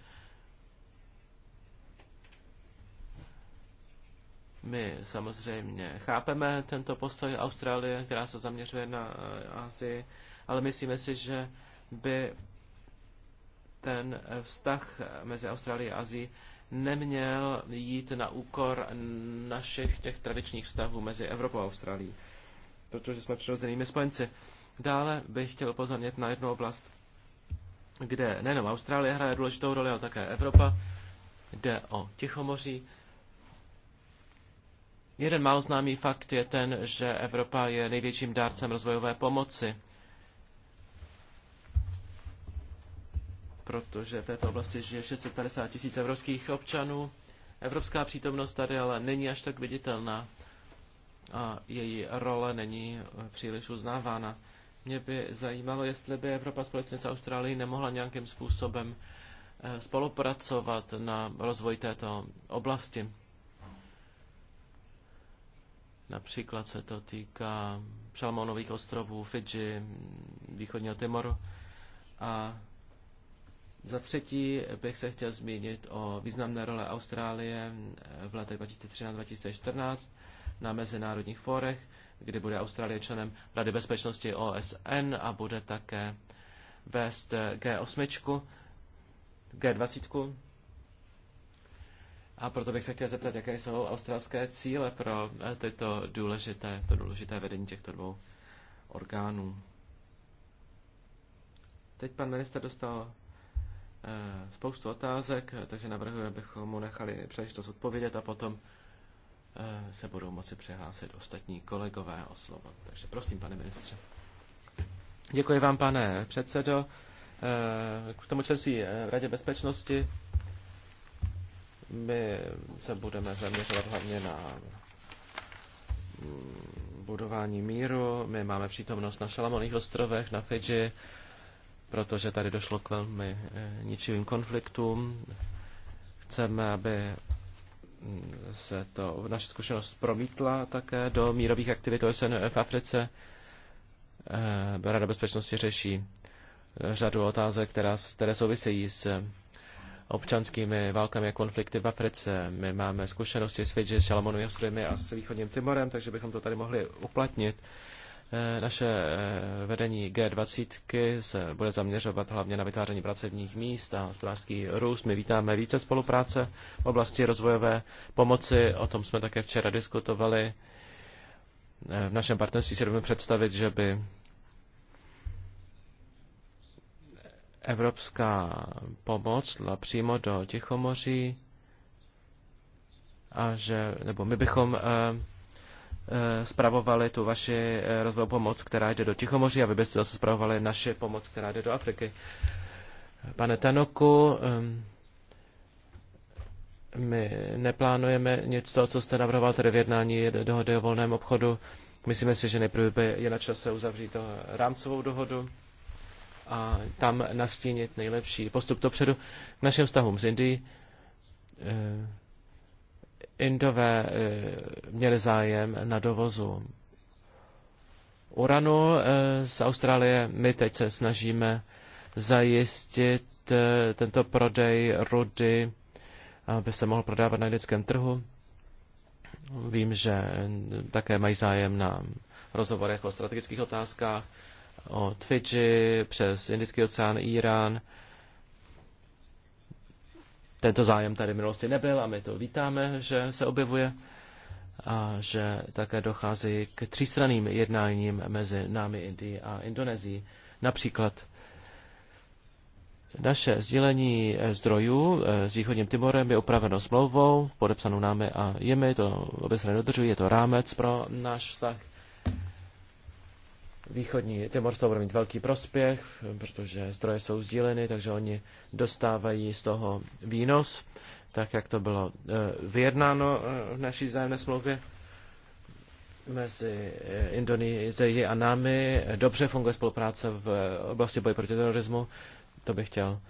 My samozřejmě chápeme tento postoj Austrálie, která se zaměřuje na eh, Asii, ale myslíme si, že by ten vztah mezi Austrálií a Azií neměl jít na úkor našich těch tradičních vztahů mezi Evropou a Austrálií, protože jsme přirozenými spojenci. Dále bych chtěl upozornit na jednu oblast, kde nejenom Austrálie hraje důležitou roli, ale také Evropa. Jde o Tichomoří. Jeden málo známý fakt je ten, že Evropa je největším dárcem rozvojové pomoci. protože v této oblasti žije 650 tisíc evropských občanů. Evropská přítomnost tady ale není až tak viditelná a její role není příliš uznávána. Mě by zajímalo, jestli by Evropa společně s Austrálií nemohla nějakým způsobem eh, spolupracovat na rozvoj této oblasti. Například se to týká Šalmonových ostrovů, Fidži, východního Timoru. A za třetí bych se chtěl zmínit o významné role Austrálie eh, v letech 2013-2014 na mezinárodních fórech kdy bude Austrálie členem Rady bezpečnosti OSN a bude také vést G8, G20. A proto bych se chtěl zeptat, jaké jsou australské cíle pro eh, tyto důležité, to důležité vedení těchto dvou orgánů. Teď pan minister dostal eh, spoustu otázek, takže navrhuji, abychom mu nechali příležitost odpovědět a potom Eh, se budou moci přihlásit ostatní kolegové o slovo. Takže prosím, pane ministře. Děkuji vám, pane předsedo. Eh, k tomu členství eh, v Radě bezpečnosti my se budeme zaměřovat hlavně na mm, budování míru. My máme přítomnost na Šalamoných ostrovech, na Fidži, protože tady došlo k velmi ničivým konfliktům. Chceme, aby se to naše zkušenost promítla také do mírových aktivit OSN v Africe. Eh, Rada bezpečnosti řeší eh, řadu otázek, která, které souvisejí s eh, občanskými válkami a konflikty v Africe. My máme zkušenosti s Fidži, Šalamonu, a s východním Timorem, takže bychom to tady mohli uplatnit. Eh, naše eh, vedení G20 se bude zaměřovat hlavně na vytváření pracovních míst a hospodářský růst. My vítáme více spolupráce v oblasti rozvojové pomoci. O tom jsme také včera diskutovali. Eh, v našem partnerství si budeme představit, že by evropská pomoc šla přímo do Tichomoří a že, nebo my bychom Eh, spravovali tu vaši eh, rozvojovou pomoc, která jde do Tichomoří a vy byste zase spravovali naše pomoc, která jde do Afriky. Pane Tanoku, ehm, my neplánujeme nic toho, co jste navrhoval tedy v jednání dohody o volném obchodu. Myslíme si, že nejprve by je na čase uzavřít rámcovou dohodu a tam nastínit nejlepší postup dopředu k našim vztahům z Indii ehm, Indové eh, měli zájem na dovozu uranu eh, z Austrálie. My teď se snažíme zajistit eh, tento prodej rudy, aby se mohl prodávat na indickém trhu. Vím, že také mají zájem na rozhovorech o strategických otázkách od Fidži přes Indický oceán, Irán tento zájem tady v minulosti nebyl a my to vítáme, že se objevuje a že také dochází k třístranným jednáním mezi námi Indií a Indonésií. Například naše sdílení zdrojů eh, s východním Timorem je upraveno smlouvou, podepsanou námi a jimi, to obecně dodržují, je to rámec pro náš vztah Východní Timor z toho bude mít velký prospěch, protože zdroje jsou sdíleny, takže oni dostávají z toho výnos, tak jak to bylo eh, vyjednáno eh, v naší zájemné smlouvě mezi eh, Indonésií a námi. Dobře funguje spolupráce v oblasti boje proti terorismu. To bych chtěl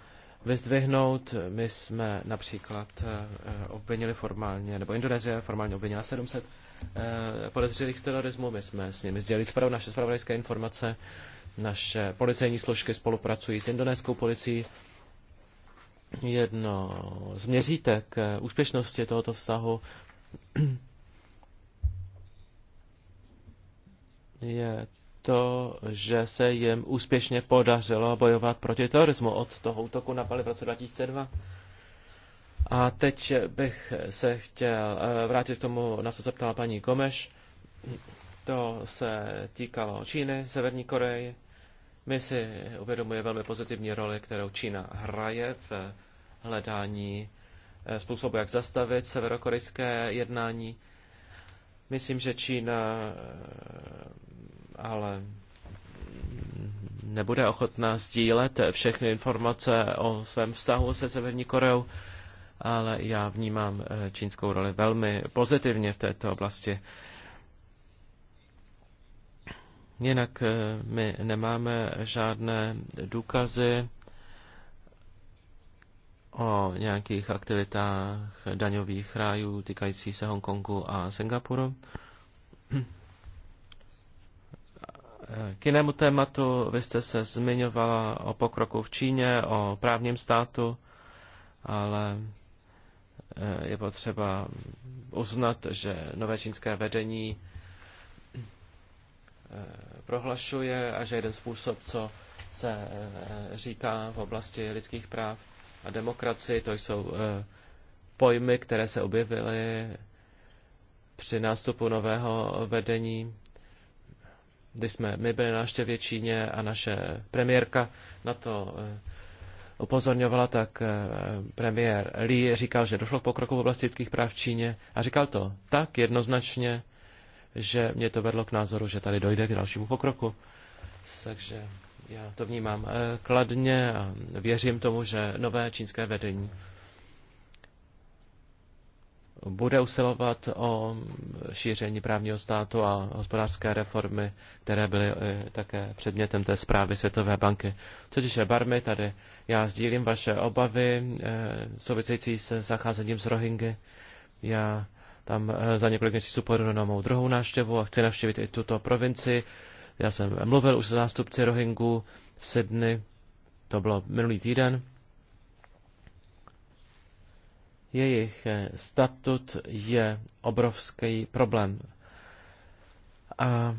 vyzdvihnout. My jsme například eh, eh, obvinili formálně, nebo Indonésie formálně obvinila 700 eh, podezřelých z terorismu. My jsme s nimi sdělili zprav, naše zpravodajské informace. Naše policejní složky spolupracují s indonéskou policií. Jedno z měřítek úspěšnosti tohoto vztahu [clears throat] je to, že se jim úspěšně podařilo bojovat proti terorismu od toho útoku na Bali v roce 2002. A teď bych se chtěl eh, vrátit k tomu, na co se ptala paní Gomeš. To se týkalo Číny, Severní Koreji. My si uvědomujeme velmi pozitivní roli, kterou Čína hraje v hledání eh, způsobu, jak zastavit severokorejské jednání. Myslím, že Čína ale nebude ochotná sdílet všechny informace o svém vztahu se Severní Koreou, ale já vnímám eh, čínskou roli velmi pozitivně v této oblasti. Jinak eh, my nemáme žádné důkazy o nějakých aktivitách daňových rájů týkající se Hongkongu a Singapuru. K jinému tématu, vy jste se zmiňovala o pokroku v Číně, o právním státu, ale eh, je potřeba uznat, že nové čínské vedení eh, prohlašuje a že jeden způsob, co se eh, říká v oblasti lidských práv a demokracie, to jsou pojmy, které se objevily při nástupu nového vedení kdy jsme my byli na návštěvě Číně a naše premiérka na to eh, upozorňovala, tak eh, premiér Li říkal, že došlo k pokroku v oblasti lidských práv v Číně a říkal to tak jednoznačně, že mě to vedlo k názoru, že tady dojde k dalšímu pokroku. Takže já to vnímám eh, kladně a věřím tomu, že nové čínské vedení bude usilovat o šíření právního státu a hospodářské reformy, které byly eh, také předmětem té zprávy Světové banky. Co je Barmy, tady já sdílím vaše obavy eh, související se zacházením z Rohingy. Já tam eh, za několik měsíců pojedu na mou druhou návštěvu a chci navštívit i tuto provinci. Já jsem mluvil už s zástupci Rohingů v Sydney, to bylo minulý týden. Jejich eh, statut je obrovský problém. A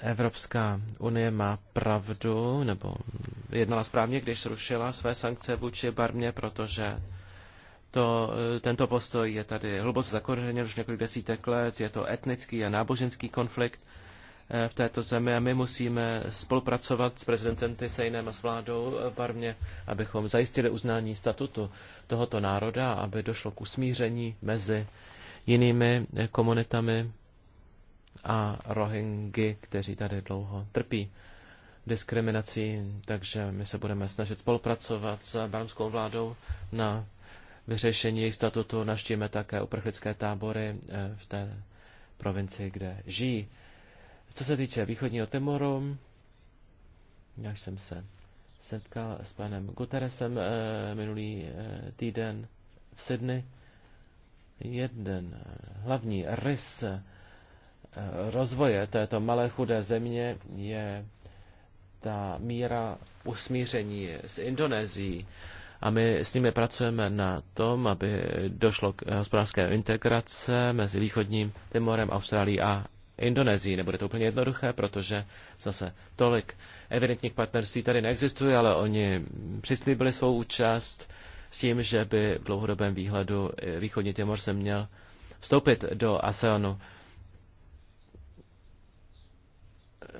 Evropská unie má pravdu, nebo jednala správně, když zrušila své sankce vůči Barmě, protože to, eh, tento postoj je tady hluboce zakořeněn už několik desítek let, je to etnický a náboženský konflikt Eh, v této zemi a my musíme spolupracovat s prezidentem Tysejnem a s vládou eh, Barmě, abychom zajistili uznání statutu tohoto národa, aby došlo k usmíření mezi jinými eh, komunitami a Rohingy, kteří tady dlouho trpí diskriminací, takže my se budeme snažit spolupracovat s barmskou vládou na vyřešení jejich statutu. Naštíme také uprchlické tábory v té provincii, kde žijí. Co se týče východního Timoru, jak jsem se setkal s panem Guterresem e, minulý e, týden v Sydney, jeden eh, hlavní rys rozvoje této malé chudé země je ta míra usmíření s Indonésií. A my s nimi pracujeme na tom, aby došlo k hospodářské integrace mezi východním Timorem, Austrálií a Indonésii. Nebude to úplně jednoduché, protože zase tolik evidentních partnerství tady neexistuje, ale oni přislíbili svou účast s tím, že by v dlouhodobém výhledu eh, východní Timor se měl vstoupit do ASEANu.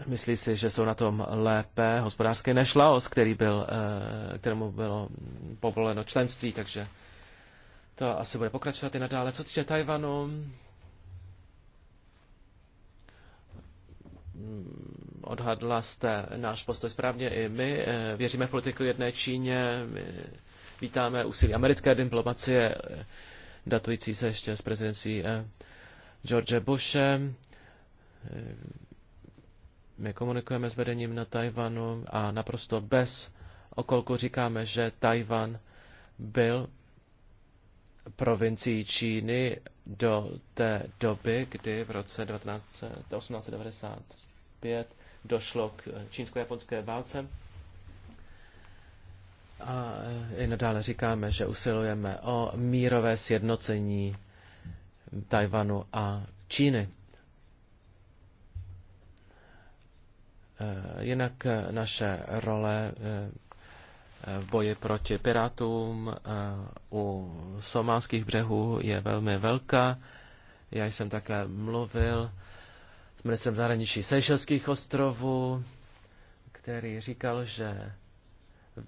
Myslí si, že jsou na tom lépe hospodářské než Laos, který byl, eh, kterému bylo povoleno členství, takže to asi bude pokračovat i nadále. Co týče Tajvanu, odhadla jste náš postoj správně i my. Eh, věříme v politiku jedné Číně, my vítáme úsilí americké diplomacie, eh, datující se ještě z prezidentství eh, George Bushe. My komunikujeme s vedením na Tajvanu a naprosto bez okolku říkáme, že Tajvan byl provincií Číny do té doby, kdy v roce 1895 došlo k eh, čínsko-japonské válce. A eh, i nadále říkáme, že usilujeme o mírové sjednocení Tajvanu a Číny. Eh, jinak naše role v boji proti pirátům eh, u somálských břehů je velmi velká. Já jsem také mluvil s ministrem zahraničí Seychelských ostrovů, který říkal, že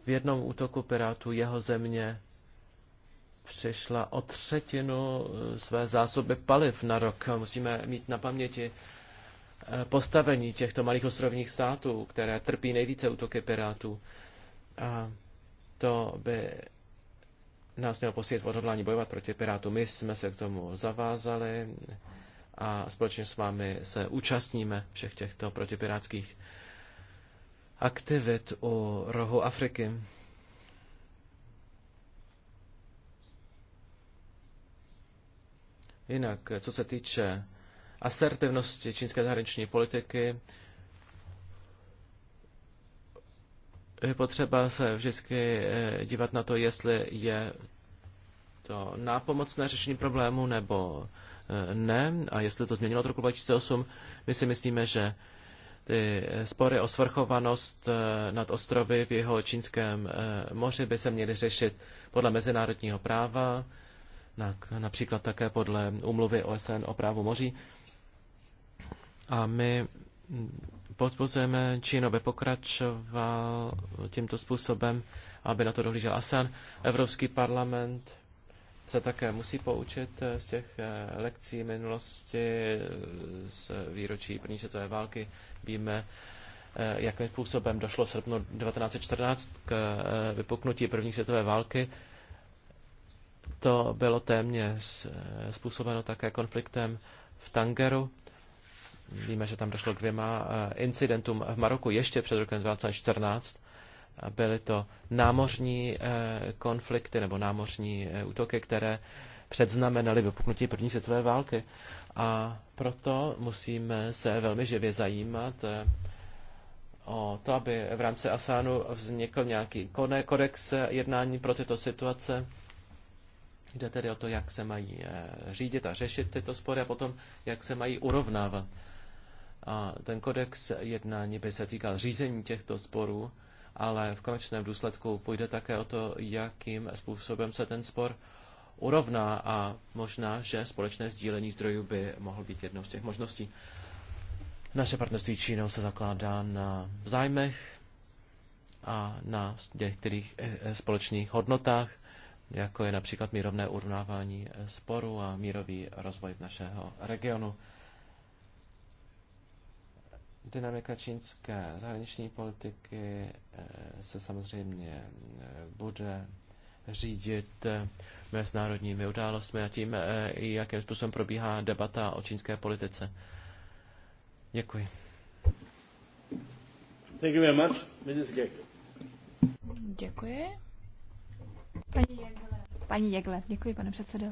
v jednom útoku pirátů jeho země přišla o třetinu eh, své zásoby paliv na rok. Musíme mít na paměti eh, postavení těchto malých ostrovních států, které trpí nejvíce útoky pirátů. A to by nás mělo posílit v odhodlání bojovat proti pirátům. My jsme se k tomu zavázali a společně s vámi se účastníme všech těchto protipirátských aktivit u rohu Afriky. Jinak, co se týče asertivnosti čínské zahraniční politiky, je potřeba se vždycky eh, dívat na to, jestli je to nápomocné řešení problému nebo eh, ne. A jestli to změnilo od roku 2008, my si myslíme, že ty eh, spory o svrchovanost nad ostrovy v jeho čínském moři by se měly řešit podle mezinárodního práva, například také podle umluvy OSN o právu moří. A my hm, pozbuzujeme Čínu, aby pokračoval tímto způsobem, aby na to dohlížel ASAN. Evropský parlament se také musí poučit z těch eh, lekcí minulosti, z výročí první světové války. Víme, eh, jakým způsobem došlo v srpnu 1914 k eh, vypuknutí první světové války. To bylo téměř způsobeno také konfliktem v Tangeru Víme, že tam došlo k dvěma eh, incidentům v Maroku ještě před rokem 2014. Byly to námořní eh, konflikty nebo námořní eh, útoky, které předznamenaly vypuknutí první světové války. A proto musíme se velmi živě zajímat o to, aby v rámci Asánu vznikl nějaký kodex jednání pro tyto situace. Jde tedy o to, jak se mají řídit a řešit tyto spory a potom, jak se mají urovnávat. A ten kodex jednání by se týkal řízení těchto sporů, ale v konečném důsledku půjde také o to, jakým způsobem se ten spor urovná a možná, že společné sdílení zdrojů by mohl být jednou z těch možností. Naše partnerství Čínou se zakládá na zájmech a na některých eh, eh, společných hodnotách, jako je například mírovné urovnávání sporu a mírový rozvoj našeho regionu. Dynamika čínské zahraniční politiky eh, se samozřejmě eh, bude řídit eh, mezinárodními událostmi a tím, jakým způsobem probíhá debata o čínské politice. Děkuji. Thank you very much, Mrs. Děkuji. Paní Jegle. Paní Jegle, děkuji, pane předsedo.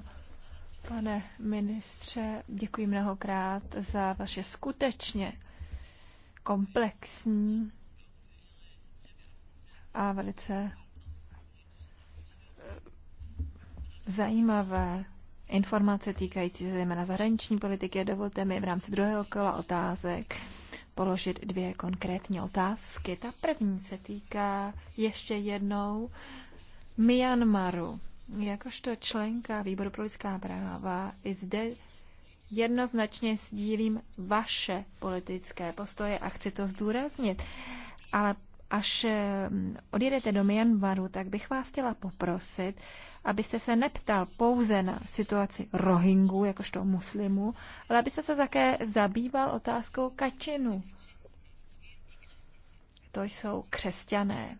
Pane ministře, děkuji mnohokrát za vaše skutečně komplexní a velice eh, zajímavé informace týkající se zejména zahraniční politiky. Dovolte mi v rámci druhého kola otázek položit dvě konkrétní otázky. Ta první se týká ještě jednou Myanmaru. Jakožto členka Výboru pro lidská práva i zde jednoznačně sdílím vaše politické postoje a chci to zdůraznit. Ale až ehm, odjedete do Myanmaru, tak bych vás chtěla poprosit, abyste se neptal pouze na situaci Rohingů, jakožto muslimů, ale abyste se také zabýval otázkou Kačinu. To jsou křesťané.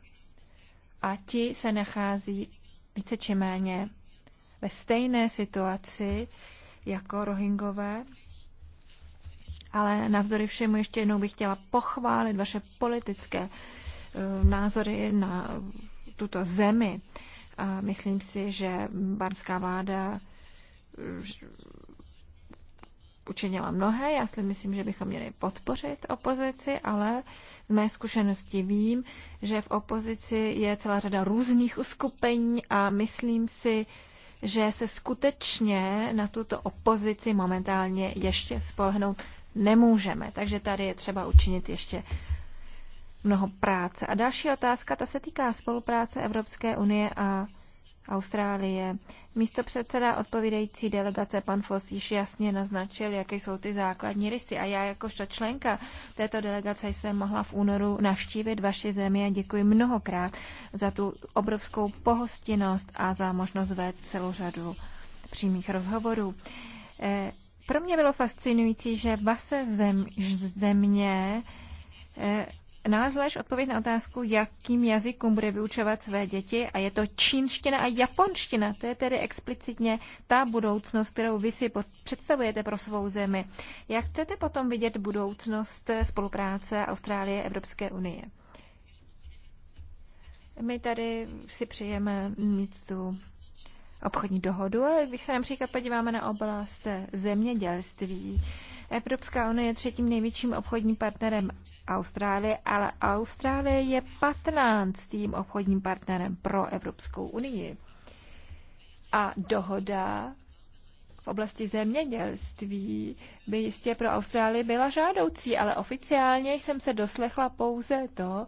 A ti se nachází více či méně ve stejné situaci, jako Rohingové. Ale navzdory všemu ještě jednou bych chtěla pochválit vaše politické eh, názory na tuto zemi. A myslím si, že barská vláda eh, učinila mnohé. Já si myslím, že bychom měli podpořit opozici, ale z mé zkušenosti vím, že v opozici je celá řada různých uskupení a myslím si, že se skutečně na tuto opozici momentálně ještě spolehnout nemůžeme. Takže tady je třeba učinit ještě mnoho práce. A další otázka, ta se týká spolupráce Evropské unie a Austrálie. Místo předseda odpovídající delegace pan Foss již jasně naznačil, jaké jsou ty základní rysy. A já jakožto členka této delegace jsem mohla v únoru navštívit vaši zemi a děkuji mnohokrát za tu obrovskou pohostinnost a za možnost vést celou řadu přímých rozhovorů. Eh, pro mě bylo fascinující, že vaše zem, země eh, nálezla odpověď na otázku, jakým jazykům bude vyučovat své děti a je to čínština a japonština. To je tedy explicitně ta budoucnost, kterou vy si představujete pro svou zemi. Jak chcete potom vidět budoucnost spolupráce Austrálie a Evropské unie? My tady si přijeme mít tu obchodní dohodu, ale když se například podíváme na oblast zemědělství, Evropská unie je třetím největším obchodním partnerem Austrálie, ale Austrálie je 15. tím obchodním partnerem pro Evropskou unii. A dohoda v oblasti zemědělství by jistě pro Austrálii byla žádoucí, ale oficiálně jsem se doslechla pouze to,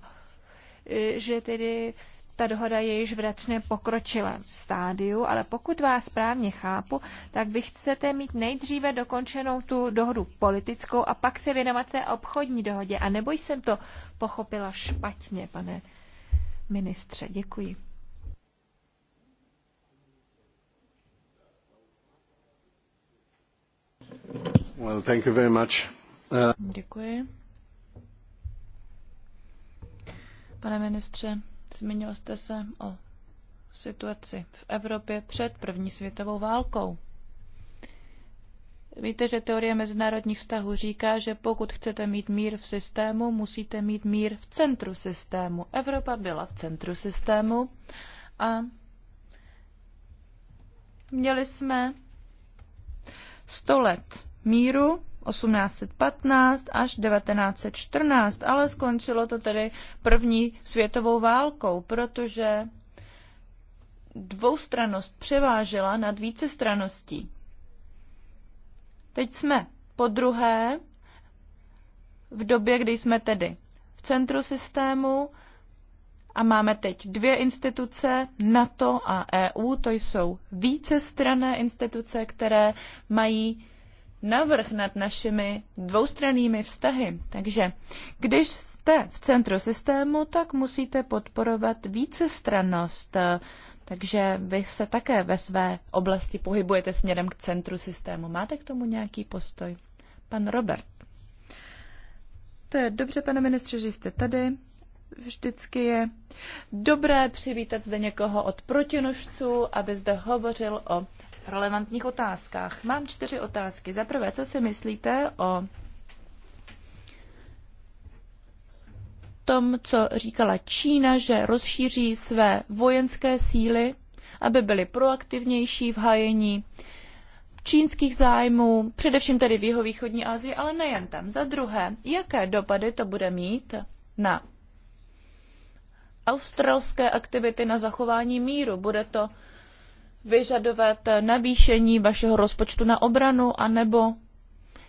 že tedy ta dohoda je již v racně pokročilém stádiu, ale pokud vás správně chápu, tak vy chcete mít nejdříve dokončenou tu dohodu politickou a pak se věnovat té obchodní dohodě. A nebo jsem to pochopila špatně, pane ministře. Děkuji. Well, thank you very much. Uh... Děkuji. Pane ministře, Zmínil jste se o situaci v Evropě před první světovou válkou. Víte, že teorie mezinárodních vztahů říká, že pokud chcete mít mír v systému, musíte mít mír v centru systému. Evropa byla v centru systému a měli jsme 100 let míru 1815 až 1914, ale skončilo to tedy první světovou válkou, protože dvoustranost převážela nad vícestraností. Teď jsme po druhé v době, kdy jsme tedy v centru systému a máme teď dvě instituce, NATO a EU, to jsou vícestrané instituce, které mají navrh nad našimi dvoustrannými vztahy. Takže když jste v centru systému, tak musíte podporovat vícestrannost. Takže vy se také ve své oblasti pohybujete směrem k centru systému. Máte k tomu nějaký postoj? Pan Robert. To je dobře, pane ministře, že jste tady. Vždycky je dobré přivítat zde někoho od protinožců, aby zde hovořil o relevantních otázkách. Mám čtyři otázky. Za prvé, co si myslíte o tom, co říkala Čína, že rozšíří své vojenské síly, aby byly proaktivnější v hájení čínských zájmů, především tedy v jihovýchodní Asii, ale nejen tam. Za druhé, jaké dopady to bude mít na australské aktivity na zachování míru? Bude to vyžadovat navýšení vašeho rozpočtu na obranu, anebo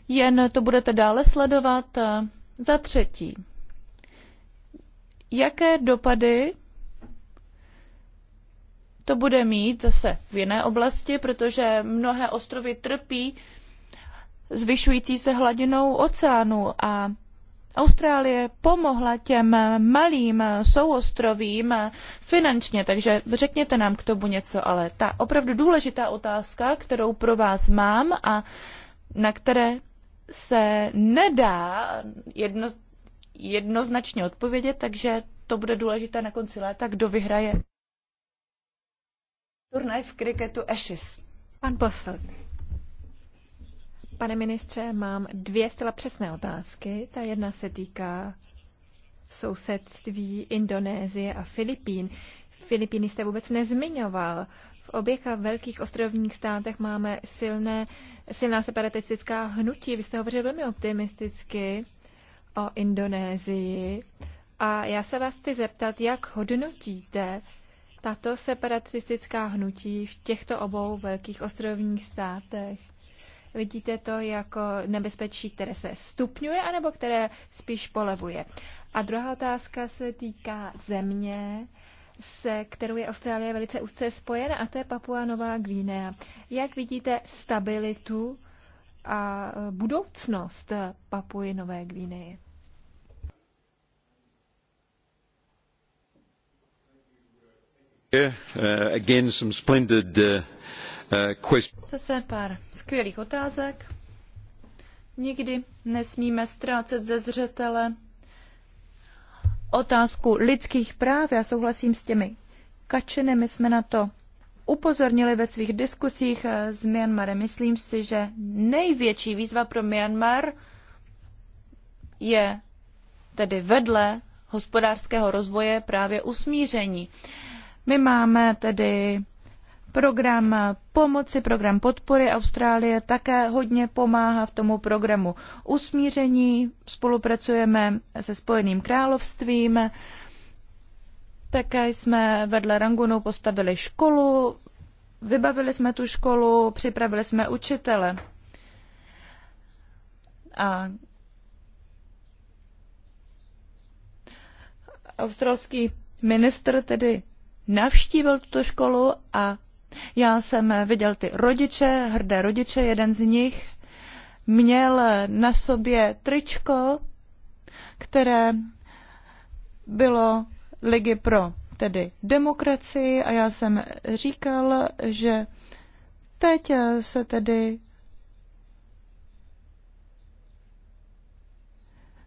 jen to budete dále sledovat? Eh, za třetí, jaké dopady to bude mít zase v jiné oblasti, protože mnohé ostrovy trpí zvyšující se hladinou oceánu a Austrálie pomohla těm malým souostrovím finančně, takže řekněte nám k tomu něco, ale ta opravdu důležitá otázka, kterou pro vás mám a na které se nedá jedno, jednoznačně odpovědět, takže to bude důležité na konci léta, kdo vyhraje turnaj v kriketu Ashes. Pan poslední. Pane ministře, mám dvě zcela přesné otázky. Ta jedna se týká sousedství Indonésie a Filipín. Filipíny jste vůbec nezmiňoval. V oběch velkých ostrovních státech máme silné, silná separatistická hnutí. Vy jste hovořil velmi optimisticky o Indonésii. A já se vás chci zeptat, jak hodnotíte tato separatistická hnutí v těchto obou velkých ostrovních státech? Vidíte to jako nebezpečí, které se stupňuje, anebo které spíš polevuje. A druhá otázka se týká země, se kterou je Austrálie velice úzce spojena, a to je Papua Nová Gvinea. Jak vidíte stabilitu a budoucnost Papuji Nové Uh, Again, some splendid uh, Eh, Zase pár skvělých otázek. Nikdy nesmíme ztrácet ze zřetele otázku lidských práv. Já souhlasím s těmi kačiny, my jsme na to upozornili ve svých diskusích eh, s Myanmarem. Myslím si, že největší výzva pro Myanmar je tedy vedle hospodářského rozvoje právě usmíření. My máme tedy program pomoci, program podpory Austrálie také hodně pomáhá v tomu programu usmíření. Spolupracujeme se Spojeným královstvím. Také jsme vedle Rangunu postavili školu, vybavili jsme tu školu, připravili jsme učitele. A australský ministr tedy navštívil tuto školu a já jsem viděl ty rodiče, hrdé rodiče, jeden z nich měl na sobě tričko, které bylo Ligy pro tedy demokracii a já jsem říkal, že teď se tedy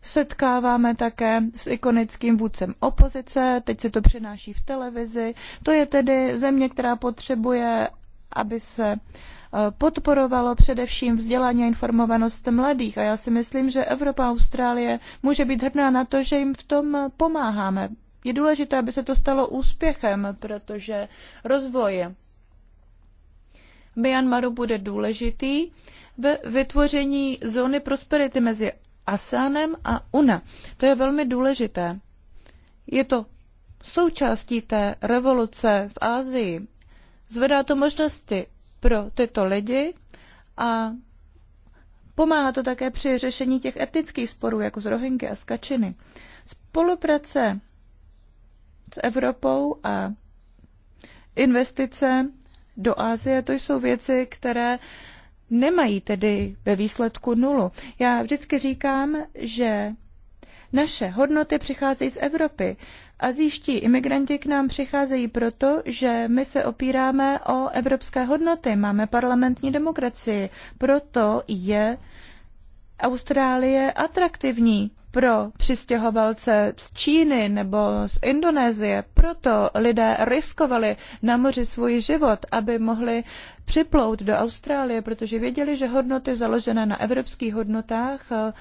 setkáváme také s ikonickým vůdcem opozice, teď se to přenáší v televizi. To je tedy země, která potřebuje, aby se eh, podporovalo především vzdělání a informovanost mladých. A já si myslím, že Evropa a Austrálie může být hrdá na to, že jim v tom pomáháme. Je důležité, aby se to stalo úspěchem, protože rozvoj Myanmaru bude důležitý v vytvoření zóny prosperity mezi Asanem a UNA. To je velmi důležité. Je to součástí té revoluce v Ázii. Zvedá to možnosti pro tyto lidi a pomáhá to také při řešení těch etnických sporů, jako z Rohingy a z Kačiny. Spolupráce s Evropou a investice do Asie, to jsou věci, které uh, nemají tedy ve výsledku nulu. Já vždycky říkám, že naše hodnoty přicházejí z Evropy. Azijští imigranti k nám přicházejí proto, že my se opíráme o evropské hodnoty, máme parlamentní demokracii, proto je Austrálie atraktivní pro přistěhovalce z Číny nebo z Indonésie. Proto lidé riskovali na moři svůj život, aby mohli připlout do Austrálie, protože věděli, že hodnoty založené na evropských hodnotách eh,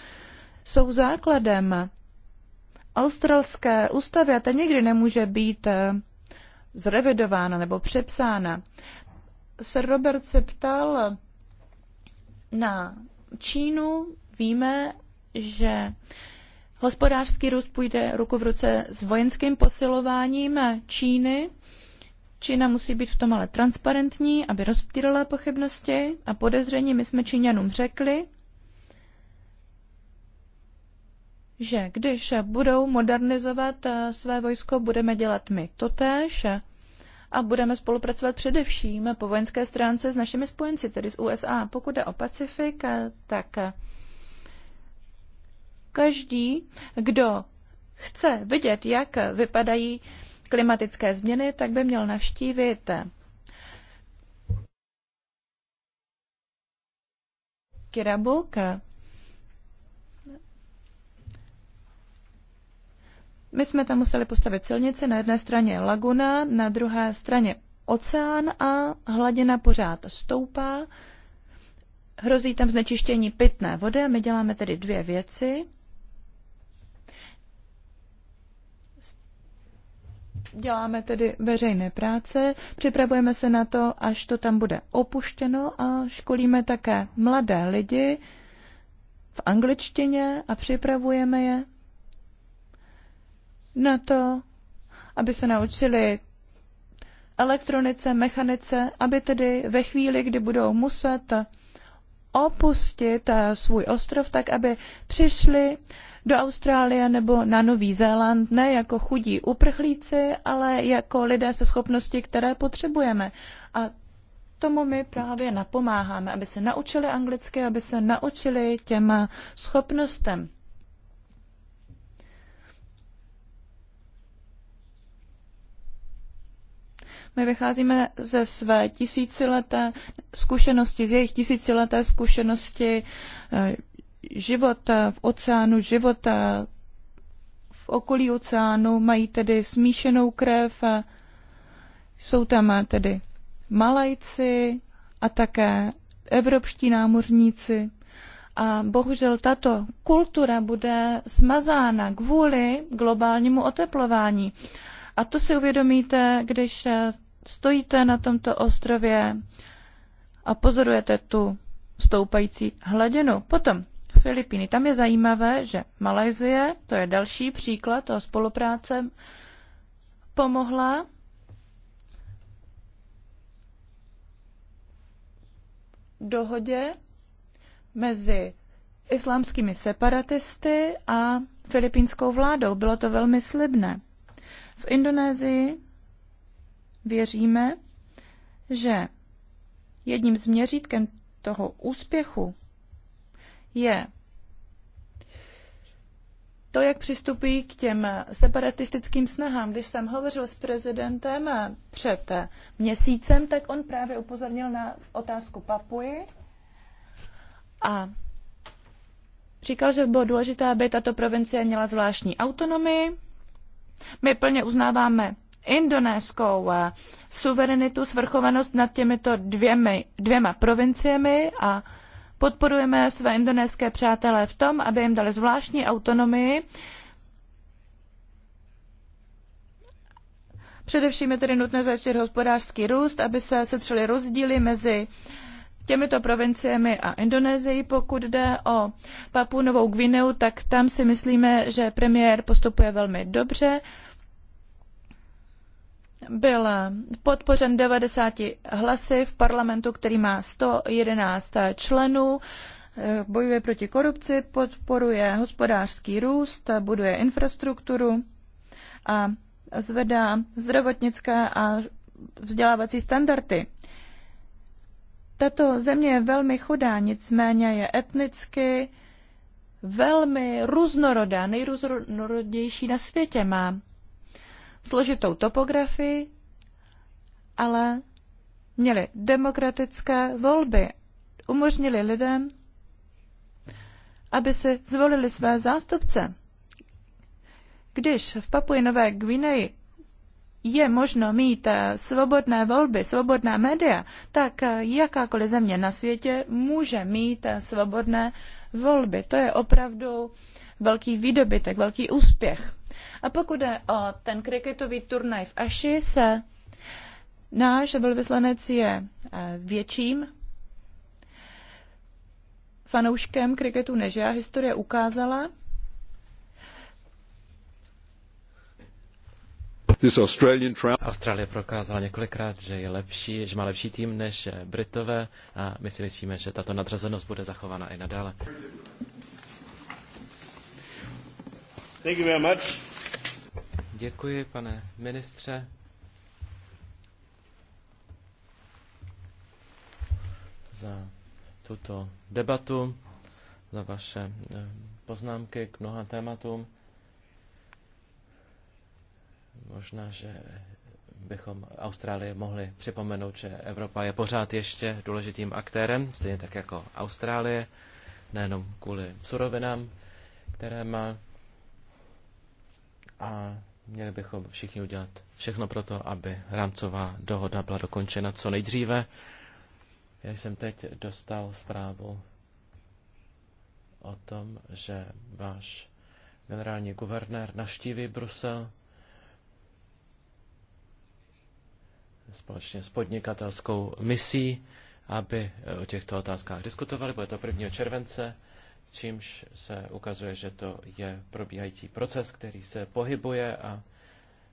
jsou základem. Australské ústavy a ta nikdy nemůže být eh, zrevidována nebo přepsána. Sir Robert se ptal na Čínu. Víme, že Hospodářský růst půjde ruku v ruce s vojenským posilováním Číny. Čína musí být v tom ale transparentní, aby rozptýlila pochybnosti a podezření. My jsme Číňanům řekli, že když budou modernizovat eh, své vojsko, budeme dělat my totéž a budeme spolupracovat především po vojenské stránce s našimi spojenci, tedy s USA. Pokud jde o Pacifik, eh, tak eh, Každý, kdo chce vidět, jak vypadají klimatické změny, tak by měl navštívit Kirabulka. My jsme tam museli postavit silnici, na jedné straně laguna, na druhé straně oceán a hladina pořád stoupá. Hrozí tam znečištění pitné vody a my děláme tedy dvě věci. Děláme tedy veřejné práce, připravujeme se na to, až to tam bude opuštěno a školíme také mladé lidi v angličtině a připravujeme je na to, aby se naučili elektronice, mechanice, aby tedy ve chvíli, kdy budou muset opustit eh, svůj ostrov, tak aby přišli do Austrálie nebo na Nový Zéland, ne jako chudí uprchlíci, ale jako lidé se schopnosti, které potřebujeme. A tomu my právě napomáháme, aby se naučili anglicky, aby se naučili těm schopnostem. My vycházíme ze své tisícileté zkušenosti, z jejich tisícileté zkušenosti eh, života v oceánu, života v okolí oceánu, mají tedy smíšenou krev, jsou tam tedy Malajci a také evropští námořníci. A bohužel tato kultura bude smazána kvůli globálnímu oteplování. A to si uvědomíte, když stojíte na tomto ostrově a pozorujete tu stoupající hladinu. Potom Filipíny. Tam je zajímavé, že Malajzie, to je další příklad toho spolupráce, pomohla dohodě mezi islámskými separatisty a filipínskou vládou. Bylo to velmi slibné. V Indonésii věříme, že jedním z měřítkem toho úspěchu je to, jak přistupují k těm separatistickým snahám. Když jsem hovořil s prezidentem před měsícem, tak on právě upozornil na otázku Papuji a říkal, že bylo důležité, aby tato provincie měla zvláštní autonomii. My plně uznáváme indonéskou suverenitu, svrchovanost nad těmito dvěmi, dvěma provinciemi a Podporujeme své indonéské přátelé v tom, aby jim dali zvláštní autonomii. Především je tedy nutné začít hospodářský růst, aby se setřely rozdíly mezi těmito provinciemi a Indonésií. Pokud jde o Papu Novou Gvineu, tak tam si myslíme, že premiér postupuje velmi dobře byl podpořen 90 hlasy v parlamentu, který má 111 členů, eh, bojuje proti korupci, podporuje hospodářský růst, buduje infrastrukturu a zvedá zdravotnické a vzdělávací standardy. Tato země je velmi chudá, nicméně je etnicky velmi různorodá, nejrůznorodější na světě. Má složitou topografii, ale měli demokratické volby. Umožnili lidem, aby si zvolili své zástupce. Když v Papuji Nové Gvineji je možno mít eh, svobodné volby, svobodná média, tak eh, jakákoliv země na světě může mít eh, svobodné volby. To je opravdu velký výdobytek, velký úspěch. A pokud je o ten kriketový turnaj v Aši, se náš velvyslanec je eh, větším fanouškem kriketu než já. Historie ukázala, Austrálie prokázala několikrát, že je lepší, že má lepší tým než eh, Britové a my si myslíme, že tato nadřazenost bude zachována i nadále. Thank you very much. Děkuji, pane ministře. za tuto debatu, za vaše eh, poznámky k mnoha tématům. Možná, že bychom Austrálii mohli připomenout, že Evropa je pořád ještě důležitým aktérem, stejně tak jako Austrálie, nejenom kvůli surovinám, které má, a měli bychom všichni udělat všechno pro to, aby rámcová dohoda byla dokončena co nejdříve. Já jsem teď dostal zprávu o tom, že váš generální guvernér naštíví Brusel společně s podnikatelskou misí, aby o těchto otázkách diskutovali. Bude to 1. července čímž se ukazuje, že to je probíhající proces, který se pohybuje a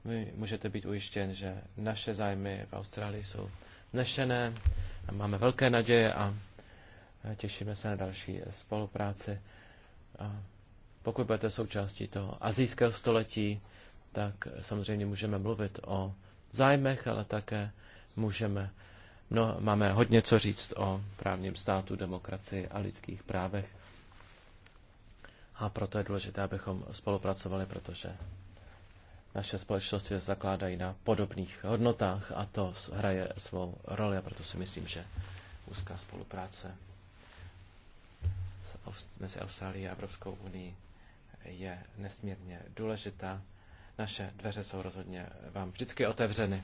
vy můžete být ujištěn, že naše zájmy v Austrálii jsou nešené, máme velké naděje a těšíme se na další spolupráci. A pokud budete součástí toho azijského století, tak samozřejmě můžeme mluvit o zájmech, ale také můžeme, no, máme hodně co říct o právním státu, demokracii a lidských právech. A proto je důležité, abychom spolupracovali, protože naše společnosti se zakládají na podobných hodnotách a to hraje svou roli a proto si myslím, že úzká spolupráce mezi Austrálií a Evropskou unii je nesmírně důležitá. Naše dveře jsou rozhodně vám vždycky otevřeny.